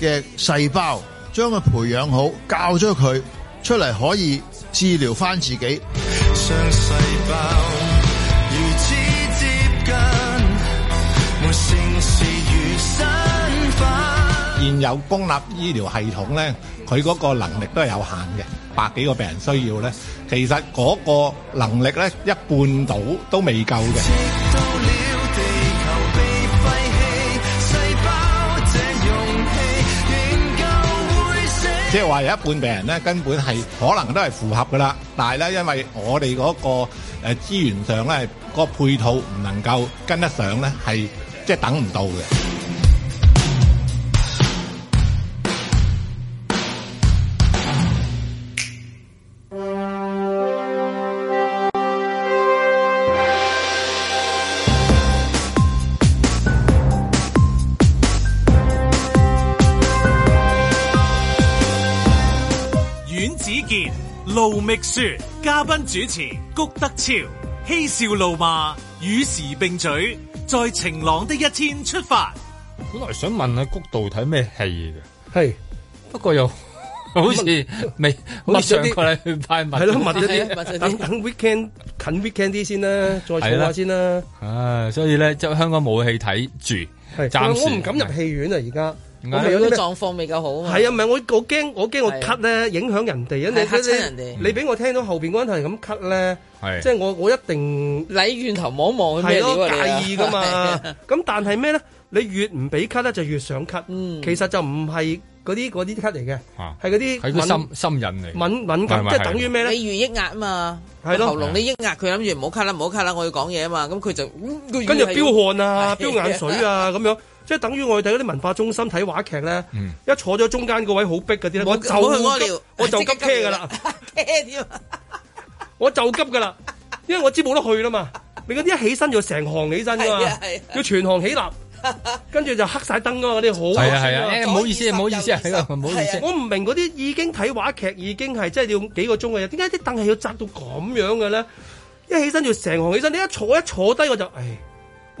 Speaker 2: 嘅細胞將佢培養好，教咗佢出嚟可以治療返自己。
Speaker 4: 現
Speaker 5: 有公立醫療系統咧，佢嗰個能力都係有限嘅，百幾個病人需要咧，其實嗰個能力咧一半到都未夠嘅。
Speaker 4: 即係
Speaker 5: 話有一半病人咧，根本係可能都係符合㗎喇，但係咧，因為我哋嗰個誒資源上咧，嗰個配套唔能夠跟得上咧，係即係等唔到嘅。
Speaker 1: 盧覓雪，嘉賓主持谷德昭，嬉笑怒罵與時並舉，在晴朗的一天出發。
Speaker 2: 本來想問下谷
Speaker 4: 導睇咩戲嘅，係不過又
Speaker 2: 好似未好似上個禮拜問，係咯等等
Speaker 4: weekend 近 weekend 啲先啦，再坐下先啦。
Speaker 2: 唉，所以咧即係香港冇戲睇住，暫時我唔敢入
Speaker 4: 戲院啊，而家。我如果狀況未夠好，係啊，唔係我我驚我驚我咳咧，影響人哋啊！你你你俾我聽到後邊嗰人係咁咳咧，即係我我一定。你轉頭望望係咩料啊？你介意噶嘛？咁但係咩咧？你越唔俾咳咧，就越想咳。其實就唔係嗰啲啲咳嚟嘅，係嗰啲心心癮嚟，敏敏即係等於咩咧？
Speaker 3: 你越抑壓啊嘛，係喉嚨你抑壓，佢諗住唔好咳啦，唔好咳啦，我要講嘢啊嘛，咁佢就跟住飆汗啊，飆眼水啊，
Speaker 4: 咁樣。即係等於外地嗰啲文化中心睇話劇咧，一坐咗中間個位好逼嗰啲咧，我就屙尿，我就急驚噶啦，我就急噶啦，因為我知冇得去啦嘛。你嗰啲一起身就成行起身噶嘛，要全行起立，跟住就黑晒燈噶嘛。嗰啲好啊，唔好意思，唔好意思，唔好意思。我唔明嗰啲已經睇話劇，已經係即係要幾個鐘嘅人，點解啲凳係要紮到咁樣嘅咧？一起身就成行起身，你一坐一坐低我就唉。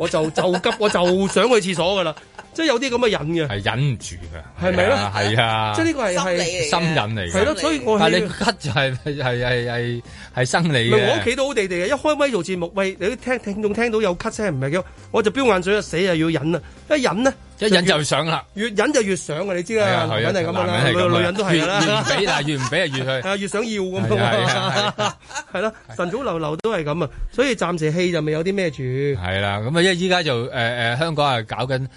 Speaker 4: (laughs) 我就就急，我就想去廁所噶啦，即係有啲咁嘅忍嘅，係忍唔住㗎，係咪咧？係
Speaker 2: 啊，啊啊即係呢個
Speaker 4: 係係心癮嚟嘅。係咯、啊，所以我係。但你咳
Speaker 2: 就係係係係係生理。我屋企
Speaker 4: 都好地地嘅，一開咪做 d 節目，喂，你聽聽眾聽到有咳聲唔係幾好，我就飆眼水啊，死啊要忍啊，一忍呢。一忍就上啦，越忍就越上啊！你知啦，女人係咁噶啦，女人都係啦。越唔俾，但係越唔俾就越去。係啊，越想要咁啊，係咯。晨早流流都係咁啊，所以暫時戲就未有啲
Speaker 2: 咩住。係啦，咁啊，因為依家就誒誒，香港係搞緊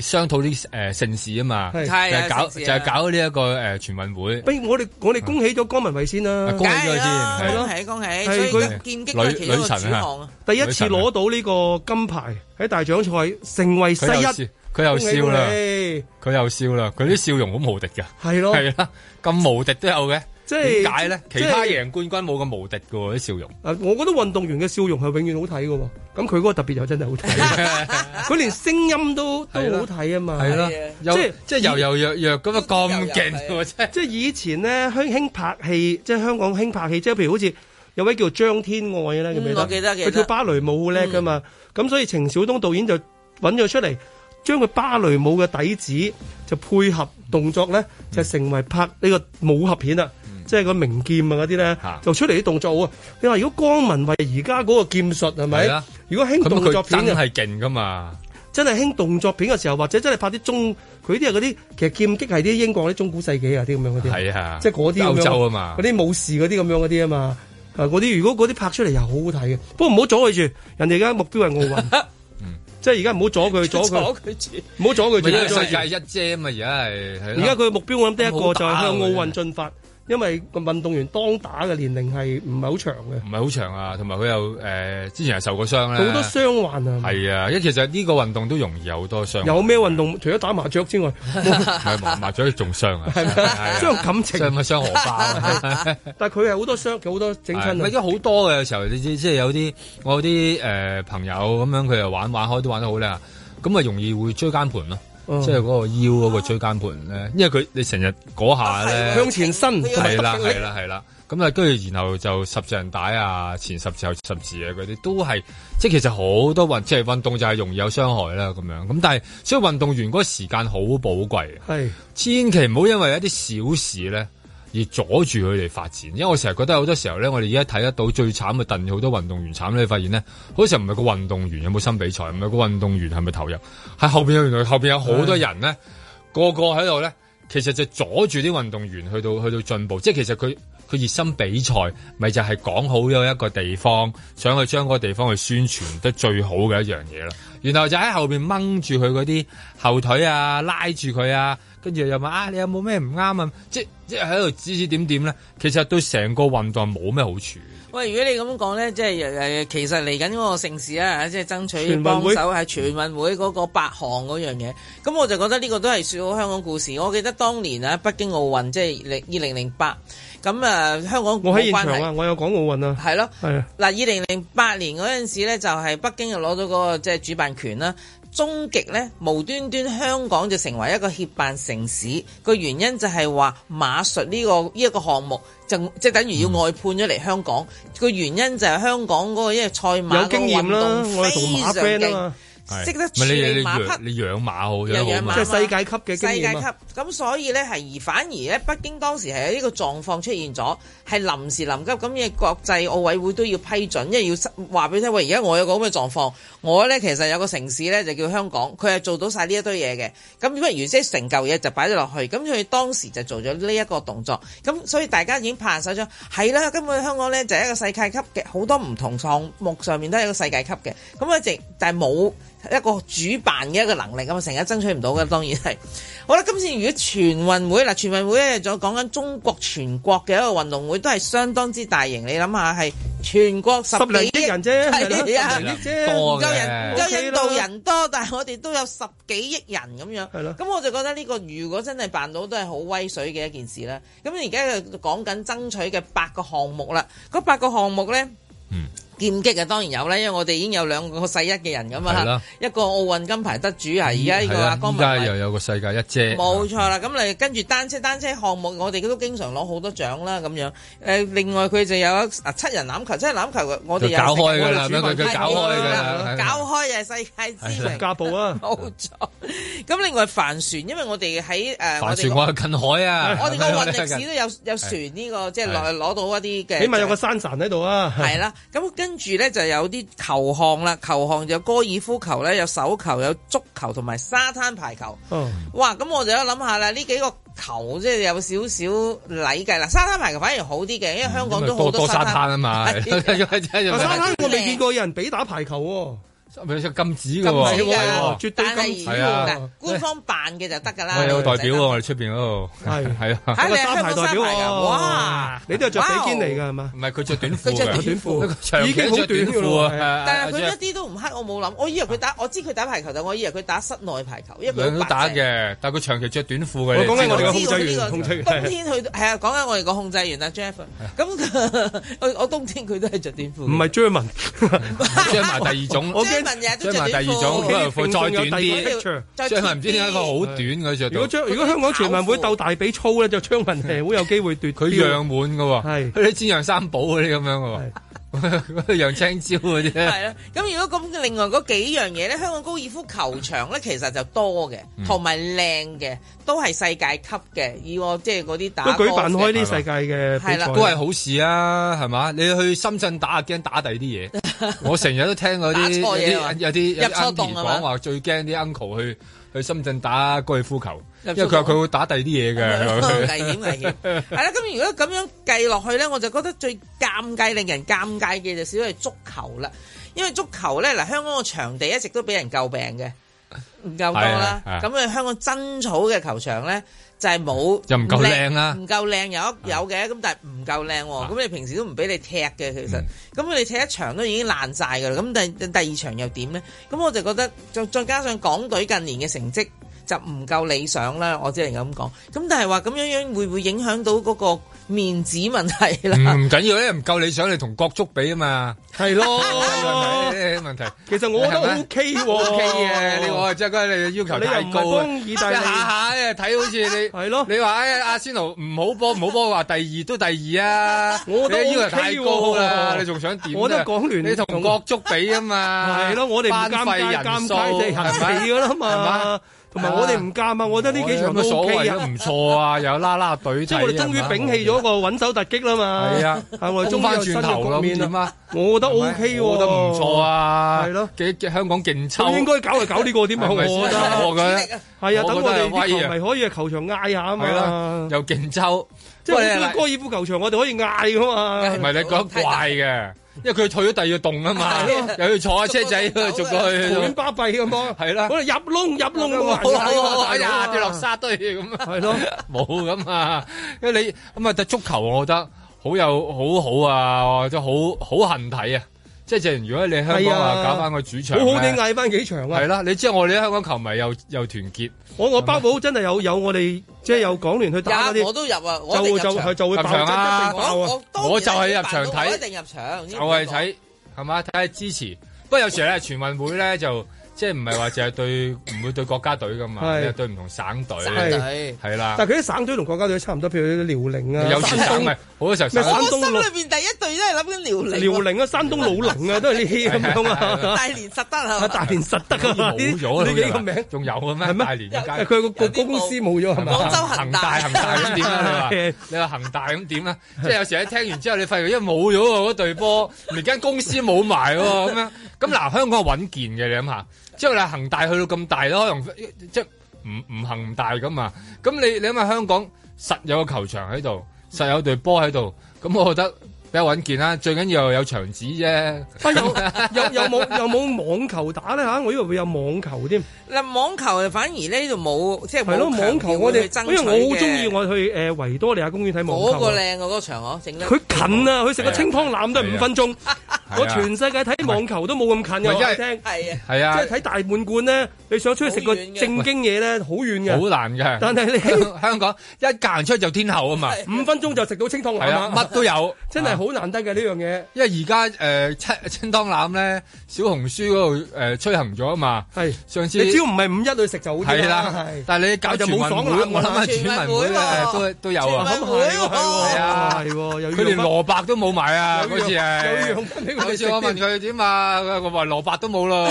Speaker 2: 商討啲誒盛事啊嘛，就係搞就係搞呢一個誒全運會。不
Speaker 4: 如我哋我哋恭喜咗江旻憓先啦，恭喜咗先，係啊，恭喜。所以佢劍擊係其中一個主項啊，第一次攞到呢個金牌喺大獎賽，成為世一。佢又笑啦，
Speaker 2: 佢又笑啦。佢啲笑容好無敵噶，係咯，係啦，咁無敵都有嘅。
Speaker 4: 即係點解咧，其他贏
Speaker 2: 冠軍冇咁無敵噶啲笑容。
Speaker 4: 誒，我覺得運動員嘅笑容係永遠好睇噶。咁佢嗰個特別又真係好睇，佢連聲音都都好睇啊。嘛係咯，即係即係柔柔弱弱咁啊，咁勁即係以前呢，香興拍戲，即係香港興拍戲，即係譬如好似有位叫做張天愛啦，我記得佢跳芭蕾舞好叻噶嘛。咁所以程小東導演就揾咗出嚟，將佢芭蕾舞嘅底子就配合動作咧，嗯、就成為拍呢個武俠片啦，嗯、即係個名劍啊嗰啲咧，就出嚟啲動作好啊！你話如果江旻憓而家嗰個劍術係咪？是是啊、如果興動作片啊，真係勁噶嘛！真係興動作片嘅時候，或者真係拍啲中佢啲啊嗰啲，其實劍擊係啲英國啲中古世紀啊啲咁樣嗰啲，係啊，
Speaker 2: 即係嗰啲歐洲啊嘛，嗰啲
Speaker 4: 武士嗰啲咁樣嗰啲啊嘛，嗰啲如果嗰啲拍出嚟又好好睇嘅，不過唔好阻礙住人哋而家，人家的目標係奧運。即係而家唔好阻佢，阻佢，
Speaker 2: 唔好 (laughs) 阻佢住。世界一啊嘛，而
Speaker 4: 家係。而家佢嘅目標我諗得一個就係向奧運進發。因為個運動員當打嘅年齡係唔係好長嘅，
Speaker 2: 唔係好長啊，同埋佢又誒之前係受過傷咧，好多傷患啊，係啊，因為其實呢個運動都容易有好多傷。有
Speaker 4: 咩運動除咗打麻雀之外，
Speaker 1: 唔係麻
Speaker 2: 麻雀仲傷啊，
Speaker 4: 傷感情，傷唔係傷荷包啊，但係佢係好多傷，好多整親。而家好
Speaker 2: 多嘅時候，你知即係有啲我啲誒、呃、朋友咁樣，佢又玩玩開都玩得好叻，咁啊容易會追間盤咯。哦、即係嗰個腰嗰個椎間盤咧，哦、因為佢你成日嗰下咧向前伸，係啦係啦係啦，咁啊跟住然後就十字韌帶啊、前十字後十字啊嗰啲都係，即係其實好多運即係運動就係容易有傷害啦咁樣。咁但係所以運動員嗰時間好寶貴，係的千祈唔好因為一啲小事咧。而阻住佢哋發展，因為我成日覺得好多時候咧，我哋而家睇得到最慘嘅，戥好多運動員慘。你發現咧，好似唔係個運動員有冇新比賽，唔係個運動員係咪投入，喺後邊有原來後邊有好多人咧，唉個個喺度咧，其實就阻住啲運動員去到去到進步。即係其實佢佢熱心比賽，咪就係、是、講好咗一個地方，想去將嗰個地方去宣傳得最好嘅一樣嘢啦。然後就喺後邊掹住佢嗰啲後腿啊，拉住佢啊。跟住又問啊，你有冇咩唔啱啊？即係即係喺度指指點點咧，其實對成個運動冇咩好處。
Speaker 3: 喂，如果你咁講咧，即係誒，其實嚟緊嗰個盛事咧，即係爭取幫手係全運會嗰個八項嗰樣嘢。咁我就覺得呢個都係説好香港故事。我記得當年啊，北京奧運即係零二零零八，咁、就是、啊香港我喺現場啊，係
Speaker 4: 我有講奧運啊，係咯，係
Speaker 3: 啊。嗱，二零零八年嗰陣時咧，就係、是、北京又攞到嗰、那個即係、就是、主辦權啦。終極呢，無端端香港就成為一個協辦城市，個原因就係話馬術呢個依一個項目，就即等於要外判咗嚟香港。個原因就係香港嗰個因為賽馬個運動非常勁。
Speaker 2: 識得處理馬匹，你養馬好，即係世
Speaker 4: 界級嘅經驗，
Speaker 3: 啊。咁所以咧，係而反而咧，北京當時係有呢個狀況出現咗，係臨時臨急，咁嘅國際奧委會都要批准，因為要話俾佢聽，喂，而家我有個咁嘅狀況，我咧其實有個城市咧就叫香港，佢係做到晒呢一堆嘢嘅，咁不如即係成嚿嘢就擺咗落去，咁佢當時就做咗呢一個動作，咁所以大家已經拍下手掌，係啦，根本香港咧就係、是、一個世界級嘅，好多唔同項目上面都係一個世界級嘅，咁一直，但係冇。一個主辦嘅一個能力啊嘛，成日爭取唔到嘅當然係。好啦，今次如果全運會啦，全運會咧，仲有講緊中國全國嘅一個運動會，都係相當之大型。你諗下係全國十幾億，十零億人啫，係啊，
Speaker 4: 唔夠人，唔夠
Speaker 3: 印度人多，okay 但係我哋都有十幾億人咁樣。係咯。咁我就覺得呢個如果真係辦到都係好威水嘅一件事啦。咁而家講緊爭取嘅八個項目啦，嗰八個項目咧。嗯。劍擊啊，當然有啦，因為我哋已經有兩個世一嘅人咁啊，一個奧運金牌得主啊，而家呢個阿江文文，而家
Speaker 2: 又有個世界一姐，冇
Speaker 3: 錯啦。咁你跟住單車，單車項目我哋都經常攞好多獎啦。咁樣誒，另外佢就有七人欖球，七人欖球我哋又搞開㗎啦，個佢搞開㗎，搞開又係世界知名。家步啊，冇錯。咁另外帆船，因為我哋喺誒，帆船
Speaker 2: 近海啊，我哋個運歷史都
Speaker 3: 有有船呢個，即係攞到一啲嘅，起碼有個山神喺度啊。係啦，咁跟。跟住咧就有啲球項啦，球項就有高爾夫球咧，有手球，有足球同埋沙灘排球。嗯，oh. 哇！咁我就有諗下啦，呢幾個球即係有少少禮計啦。沙灘排球反而好啲嘅，因為香港為都好多沙灘
Speaker 4: 啊嘛。
Speaker 2: 沙灘
Speaker 4: 我未見過有人比打排球，哦。唔係禁止嘅喎，
Speaker 2: 絕單係紙官方
Speaker 3: 辦嘅就得㗎啦。
Speaker 2: 我有代表喎，我哋出邊嗰度，係係啊，係啊，香港三排啊，哇，你都係着
Speaker 4: 短褲嚟㗎係嘛？唔
Speaker 2: 係佢着短褲，佢著短褲，已經好短㗎啦。但係佢一
Speaker 4: 啲都
Speaker 3: 唔黑，我冇諗，我以為佢打，我知佢打排球，但我以為佢打室內排球，因為佢白，都打
Speaker 2: 嘅，但係佢長期着短褲嘅。講緊我哋嘅控制呢個，冬天
Speaker 3: 佢係啊，講緊我哋嘅控制員啊，Jeff，咁我我冬天佢都係着短褲。唔
Speaker 2: 係 Jerman 著埋第二種。即係第二種可能會再短啲，即係唔知點解一個好短嘅着。如果將如果香
Speaker 4: 港全民會鬥大髀粗咧，就昌民社會有機會奪。佢 (laughs) 是樣滿嘅，係佢啲煎釀三寶嗰啲咁樣嘅。嗰個 (laughs) 洋青椒嘅啫， (laughs) 係咯。
Speaker 3: 咁如果咁，另外嗰幾樣嘢咧，香港高爾夫球場咧，其實就多嘅，同埋靚嘅，都係世界級嘅。以我即係嗰啲打球，都舉辦開啲世
Speaker 4: 界嘅，係啦，的都係好
Speaker 2: 事啊，係嘛？你去深圳打啊，驚打第啲嘢。我成日都聽嗰啲有啲有啲人講話最驚啲 uncle 去去深圳打高爾夫球。因為佢話佢會打第二啲嘢嘅，危
Speaker 3: 險危險，係啦。咁如果咁樣計落去咧，我就覺得最尷尬、令人尷尬嘅就少係足球啦。因為足球咧，嗱，香港個場地一直都俾人詬病嘅，唔夠多啦。咁你香港真草嘅球場咧就係、是、冇，又唔夠靚啦，唔夠靚有有嘅，咁但係唔夠靚。咁、啊、你平時都唔俾你踢嘅，其實、嗯。咁你踢一場都已經爛晒噶啦，咁第第二場又點咧？咁我就覺得，再再加上港隊近年嘅成績。就唔夠理想啦，我只能咁講。咁但係話咁樣樣會唔會影響到嗰個面子問題啦？唔
Speaker 2: 緊要咧，唔夠理想你同國足比啊嘛，係咯，問題其實我都 OK 喎，OK 嘅。我真係覺得你要求太高啦，即係下下睇好似你係咯。你話哎，阿仙奴唔好波，唔好波話第二都第二啊！我覺得要求太高啦，你仲想點啊？我都
Speaker 4: 講完，你同國足比啊嘛，係咯，我哋唔尷尬，尷尬就係死噶啦嘛。同埋我哋唔監啊！我覺得呢幾場 O K 啊，唔錯啊，又有啦啦隊，即係我哋終於摒棄咗個穩守突擊啦嘛。係啊，係我哋終於又翻轉頭咁點啊？我覺得 O K，我覺得唔錯啊。
Speaker 2: 係咯，香港勁抽，應該搞嚟搞呢個添啊？我覺得係啊，等我哋啲球迷可以喺球場嗌下啊嘛。又勁抽，即係喺高爾夫球場我哋可以嗌噶嘛。唔係你覺得怪嘅。因為佢退咗第二洞啊嘛， (laughs) 又要坐下車仔，咁啊，逐過去，好巴
Speaker 4: 閉咁咯，係啦，可能入窿入窿咁啊，
Speaker 1: 好 (laughs) (laughs) 啊，哎呀，跌落沙
Speaker 4: 堆咁啊，係
Speaker 2: 咯，冇咁啊，因為你咁啊，踢足球我覺得好有好好啊，或者好，好好恨睇啊。即係，如果你香港話搞翻個主場，好好地嗌翻幾場啊！係啦，你知我哋香港球迷又又團結，我我包保真係有
Speaker 4: 有我哋即係有港聯去打嗰啲，
Speaker 3: 我都入啊！就就佢就會入
Speaker 4: 場啊！
Speaker 3: 我
Speaker 2: 我就係入場睇，一定
Speaker 3: 入場。就係睇
Speaker 2: 係嘛睇下支持，不過有時咧全運會咧就。即係唔係話淨係對唔會對國家隊噶嘛，係對唔同省隊係啦。但係
Speaker 4: 佢啲省隊同國家隊差唔多，譬如遼寧啊。有山東咪好多時候咩？山東咯。我心裏
Speaker 3: 邊第一隊都係諗緊遼寧。遼寧
Speaker 4: 啊，山東魯能啊，都係呢咁樣啊。大
Speaker 3: 連
Speaker 2: 實德啊。大
Speaker 4: 連實德啊冇咗啊！呢幾個名仲有嘅咩？咩？大連佢個公
Speaker 2: 司冇咗啊咪？廣州恒大，恒大咁點你話恒大咁點啊？即係有時喺聽完之後，你發覺一冇咗嗰隊波，連間公司冇埋咁樣。咁嗱，香港係穩健嘅，你諗下，即係你恒大去到咁大都可能即係唔唔恒大咁啊，咁你你諗下香港實有個球場喺度，實有隊波喺度，咁我覺得。比較穩健啦，最緊要有場子啫。
Speaker 4: 有有冇有冇網球打咧吓？我以為會有網球添。嗱網球反而呢就冇，即係係咯網球我哋，因為我好中意我去誒維多利亞公園睇網球。嗰個靚嗰個場嗬，整得。佢近啊，佢食個清湯腩都係五分鐘。
Speaker 1: 我全
Speaker 4: 世界睇網球都冇咁近嘅。唔係真係聽，係啊，係啊，即係睇大滿貫呢，你想出去食個正經嘢咧，好遠嘅。好難嘅。但係你香港一隔行出去就天后啊嘛，五分鐘就食到清湯腩。乜都有。
Speaker 2: 真係。好難得嘅呢樣嘢，因為而家誒清清湯腩咧，小紅書嗰度誒推行咗啊嘛。係上次你只要唔
Speaker 4: 係五一去食就好啲啦。但係你搞全民會，我諗下全民會咧都都有啊。全民會喎，係啊，係。佢連蘿蔔都冇埋啊！嗰次嘅，
Speaker 2: 嗰次我問佢點啊，佢話蘿蔔都冇
Speaker 4: 咯。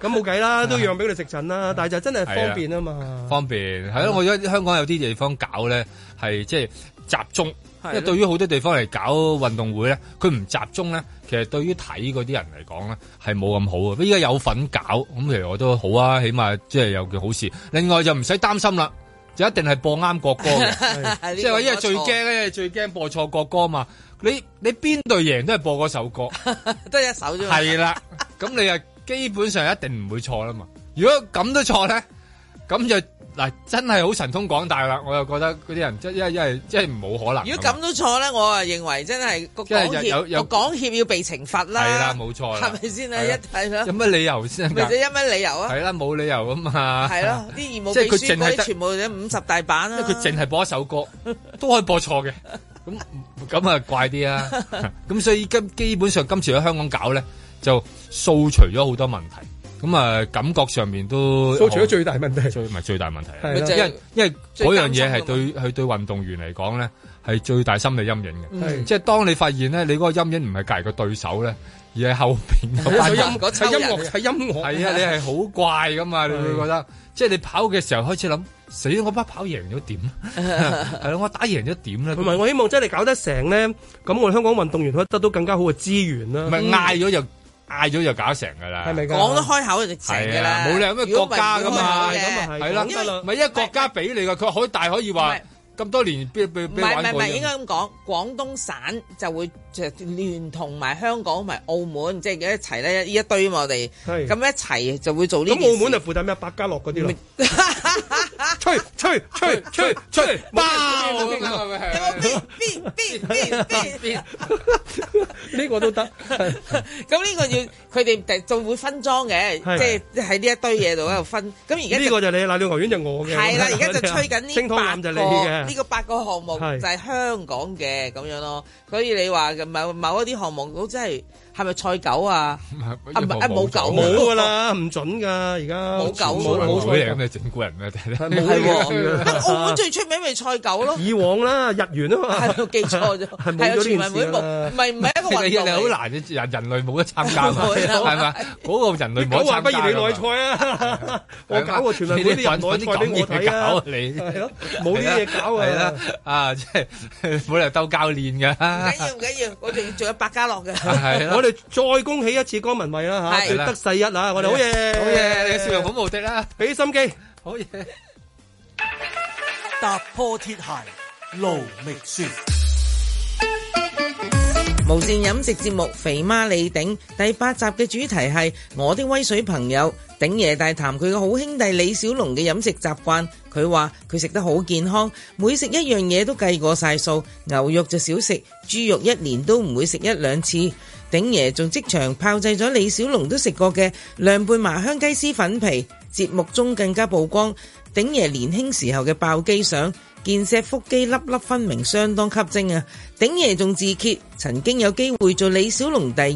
Speaker 4: 咁冇計啦，都讓俾佢食盡啦。但係就真係方便啊嘛。
Speaker 2: 方便係咯，我覺得香港有啲地方搞咧，係即係。集中，因為對於好多地方嚟搞運動會咧，佢唔集中咧，其實對於睇嗰啲人嚟講咧，係冇咁好嘅。依家有份搞，咁其實我都好啊，起碼即係有件好事。另外就唔使擔心啦，就一定係播啱國歌，即係話因為最驚咧，最驚播錯國歌嘛。你你邊隊贏都係播嗰首歌， (laughs) 都係一首啫嘛。係啦的，咁 (laughs) 你啊，基本上一定唔會錯啦嘛。如果咁都錯咧，咁就。嗱，真係好神通廣大啦！我又覺得嗰啲人即係一係即係冇可能。如果咁
Speaker 3: 都錯咧，我啊認為真係個港協，個港協要被懲罰啦。係啦，
Speaker 2: 冇錯啦，係咪先啊？一係咯，有乜理由先，或者有
Speaker 3: 乜理由啊？係
Speaker 2: 啦，冇理由啊嘛。係咯，啲義務記者可以全部五十大板啦。佢淨係播一首歌，都可以播錯嘅，咁咁啊怪啲啊！咁所以今基本上今次喺香港搞咧，就掃除咗好多問題。咁啊，感覺上面都，所以除咗最大問題，最唔係最大問題，因為因為嗰樣嘢係對佢對運動員嚟講咧，係最大心理陰影嘅。即係當你發現咧，你嗰個陰影唔係隔籬個對手咧，而係後邊嗰班人，係音樂，係音樂。係啊，你係好怪㗎嘛，你會覺
Speaker 4: 得，即係你跑嘅時候開始諗，死我怕跑贏咗點？係咯，我打贏咗點咧？同埋我希望真係搞得成咧，咁我香港運動員可以得到更加好嘅資源啦。咪嗌咗又。嗌咗就搞成噶啦，講得開
Speaker 2: 口就成嘅，冇理由咩國家嘛？咁啊，係啦，唔係一個國家俾你噶，佢可以大可以話咁多年，唔係唔係唔係應該咁
Speaker 3: 講，廣東省就會。就聯同埋香港、埋澳門，即係一齊咧，呢一堆嘛，我哋咁一齊就會做呢啲。咁澳門就負責咩百
Speaker 4: 家樂嗰啲咯。吹吹吹吹吹爆咁啊！有冇邊邊邊邊邊？呢個
Speaker 3: 都得。咁呢個要佢哋就會分裝嘅，即係喺呢一堆嘢度喺度分。
Speaker 4: 咁而家呢個就你，嗱，兩牛丸就我嘅。係啦，而家就吹緊呢八個，呢
Speaker 3: 個八個項目就係香港嘅咁樣咯。所以你話。某某一啲項目都真係。係咪賽狗啊？
Speaker 4: 啊，唔係啊冇狗冇噶啦，唔准噶，而家冇狗冇，冇嘢，咁你整蠱人咩？係係喎，澳門最
Speaker 3: 出名咪賽狗咯。以往
Speaker 4: 啦，日元啊嘛，記錯咗係啊，全運會每部，咪唔係一個運動，好難人
Speaker 2: 人類冇得參加，係咪嗰個人類唔好參加啊？我搞個全運會啲內賽
Speaker 4: 啊，我搞個全運會啲內賽俾我睇啊，你係咯，
Speaker 2: 冇啲嘢搞啊，係啦啊，
Speaker 4: 即係本嚟斗教練嘅。唔緊要唔
Speaker 3: 緊要，我仲仲有百家樂嘅。係
Speaker 4: 咯。我哋再恭喜一次江文慧啦，吓奪得世一吓，棒我哋好嘢，好嘢，你嘅笑容好無敵啊！俾心機，好嘢棒，踏破
Speaker 5: 鐵鞋
Speaker 4: 路
Speaker 1: 未絕。
Speaker 3: 無線飲食節目肥媽李鼎第八集嘅主題係我的威水朋友鼎爺大談佢嘅好兄弟李小龍嘅飲食習慣。佢話佢食得好健康，每食一樣嘢都計過晒數。牛肉就少食，豬肉一年都唔會食一兩次。鼎爺仲即場炮製咗李小龍都食過嘅涼拌麻香雞絲粉皮，節目中更加曝光鼎爺年輕時候嘅爆肌相。健碩腹肌粒粒分明，相當吸睛啊！鼎爺仲自揭曾經有機會做李小龍第二，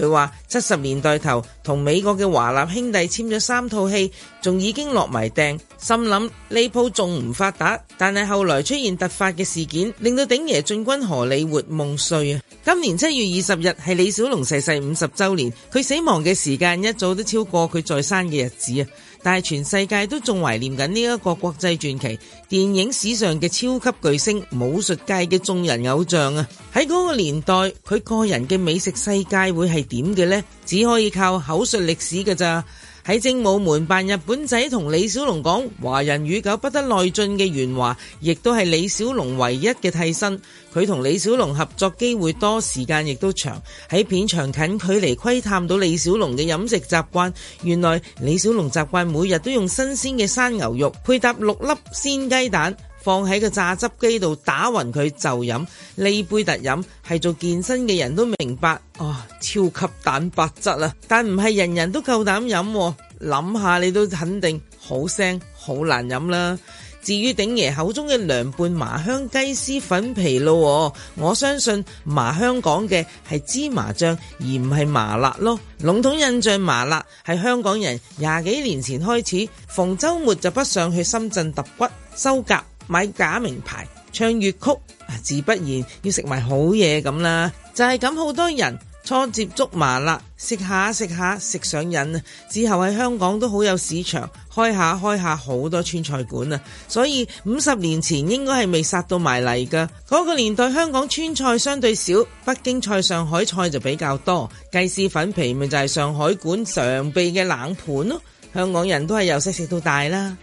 Speaker 3: 佢話七十年代頭同美國嘅華納兄弟簽咗三套戲，仲已經落埋訂。心諗呢鋪仲唔發達，但係後來出現突發嘅事件，令到鼎爺進軍荷里活夢碎啊！今年七月二十日係李小龍逝世五十週年，佢死亡嘅時間一早都超過佢在生嘅日子啊！但係全世界都仲懷念緊呢一個國際傳奇、電影史上嘅超級巨星、武術界嘅眾人偶像啊！喺嗰個年代，佢個人嘅美食世界會係點嘅呢？只可以靠口述歷史噶咋。喺精武門扮日本仔同李小龍講華人與狗不得內進嘅元華，亦都係李小龍唯一嘅替身。佢同李小龍合作機會多，時間亦都長。喺片場近距離窺探到李小龍嘅飲食習慣，原來李小龍習慣每日都用新鮮嘅生牛肉配搭六粒鮮雞蛋。放喺個榨汁機度打匀佢就飲呢杯特飲係做健身嘅人都明白哦，超級蛋白質啊！但唔係人人都夠膽飲，諗下你都肯定好腥好難飲啦。至於鼎爺口中嘅涼拌麻香雞絲粉皮咯，我相信麻香講嘅係芝麻醬而唔係麻辣咯。籠統印象麻辣係香港人廿幾年前開始逢周末就北上去深圳揼骨收甲。買假名牌，唱粵曲，自不然要食埋好嘢咁啦。就係咁，好多人初接觸麻辣，食下食下食上癮啊！之後喺香港都好有市場，開下開下好多川菜館啊！所以五十年前應該係未殺到埋嚟噶。嗰個年代香港川菜相對少，北京菜、上海菜就比較多。雞絲粉皮咪就係上海館常備嘅冷盤咯。香港人都係由細食到大啦。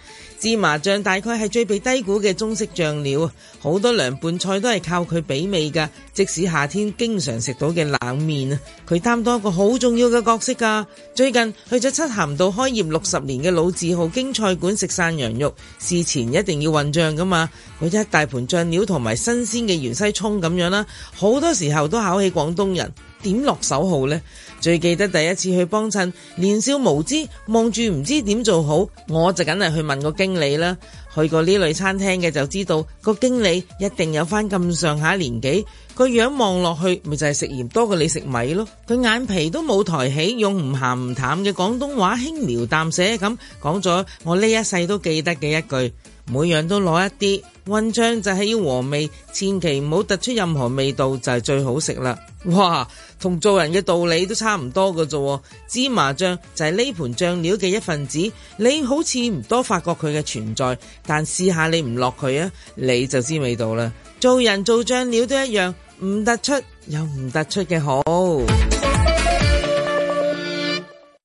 Speaker 3: 芝麻醬大概係最被低估嘅中式醬料，好多涼拌菜都係靠佢俾味噶即使夏天經常食到嘅冷麵啊，佢擔當一個好重要嘅角色噶最近去咗漆咸道開業六十年嘅老字號京菜館食涮羊肉，事前一定要混醬噶嘛。佢一大盤醬料同埋新鮮嘅芫茜蔥咁樣啦，好多時候都考起廣東人點落手好呢。最記得第一次去幫襯，年少無知，望住唔知點做好，我就梗係去問個經理啦。去過呢類餐廳嘅就知道，個經理一定有返咁上下年紀，個樣望落去，咪就係、是、食鹽多過你食米咯。佢眼皮都冇抬起，用唔鹹唔淡嘅廣東話輕描淡寫咁講咗，我呢一世都記得嘅一句：每樣都攞一啲混醬，就係要和味，千祈唔好突出任何味道就係、是、最好食啦。哇！同做人嘅道理都差唔多㗎啫，芝麻醬就係呢盤醬料嘅一份子。你好似唔多發覺佢嘅存在，但試下你唔落佢啊，你就知味道啦。做人做醬料都一樣，唔突出有唔突出嘅好。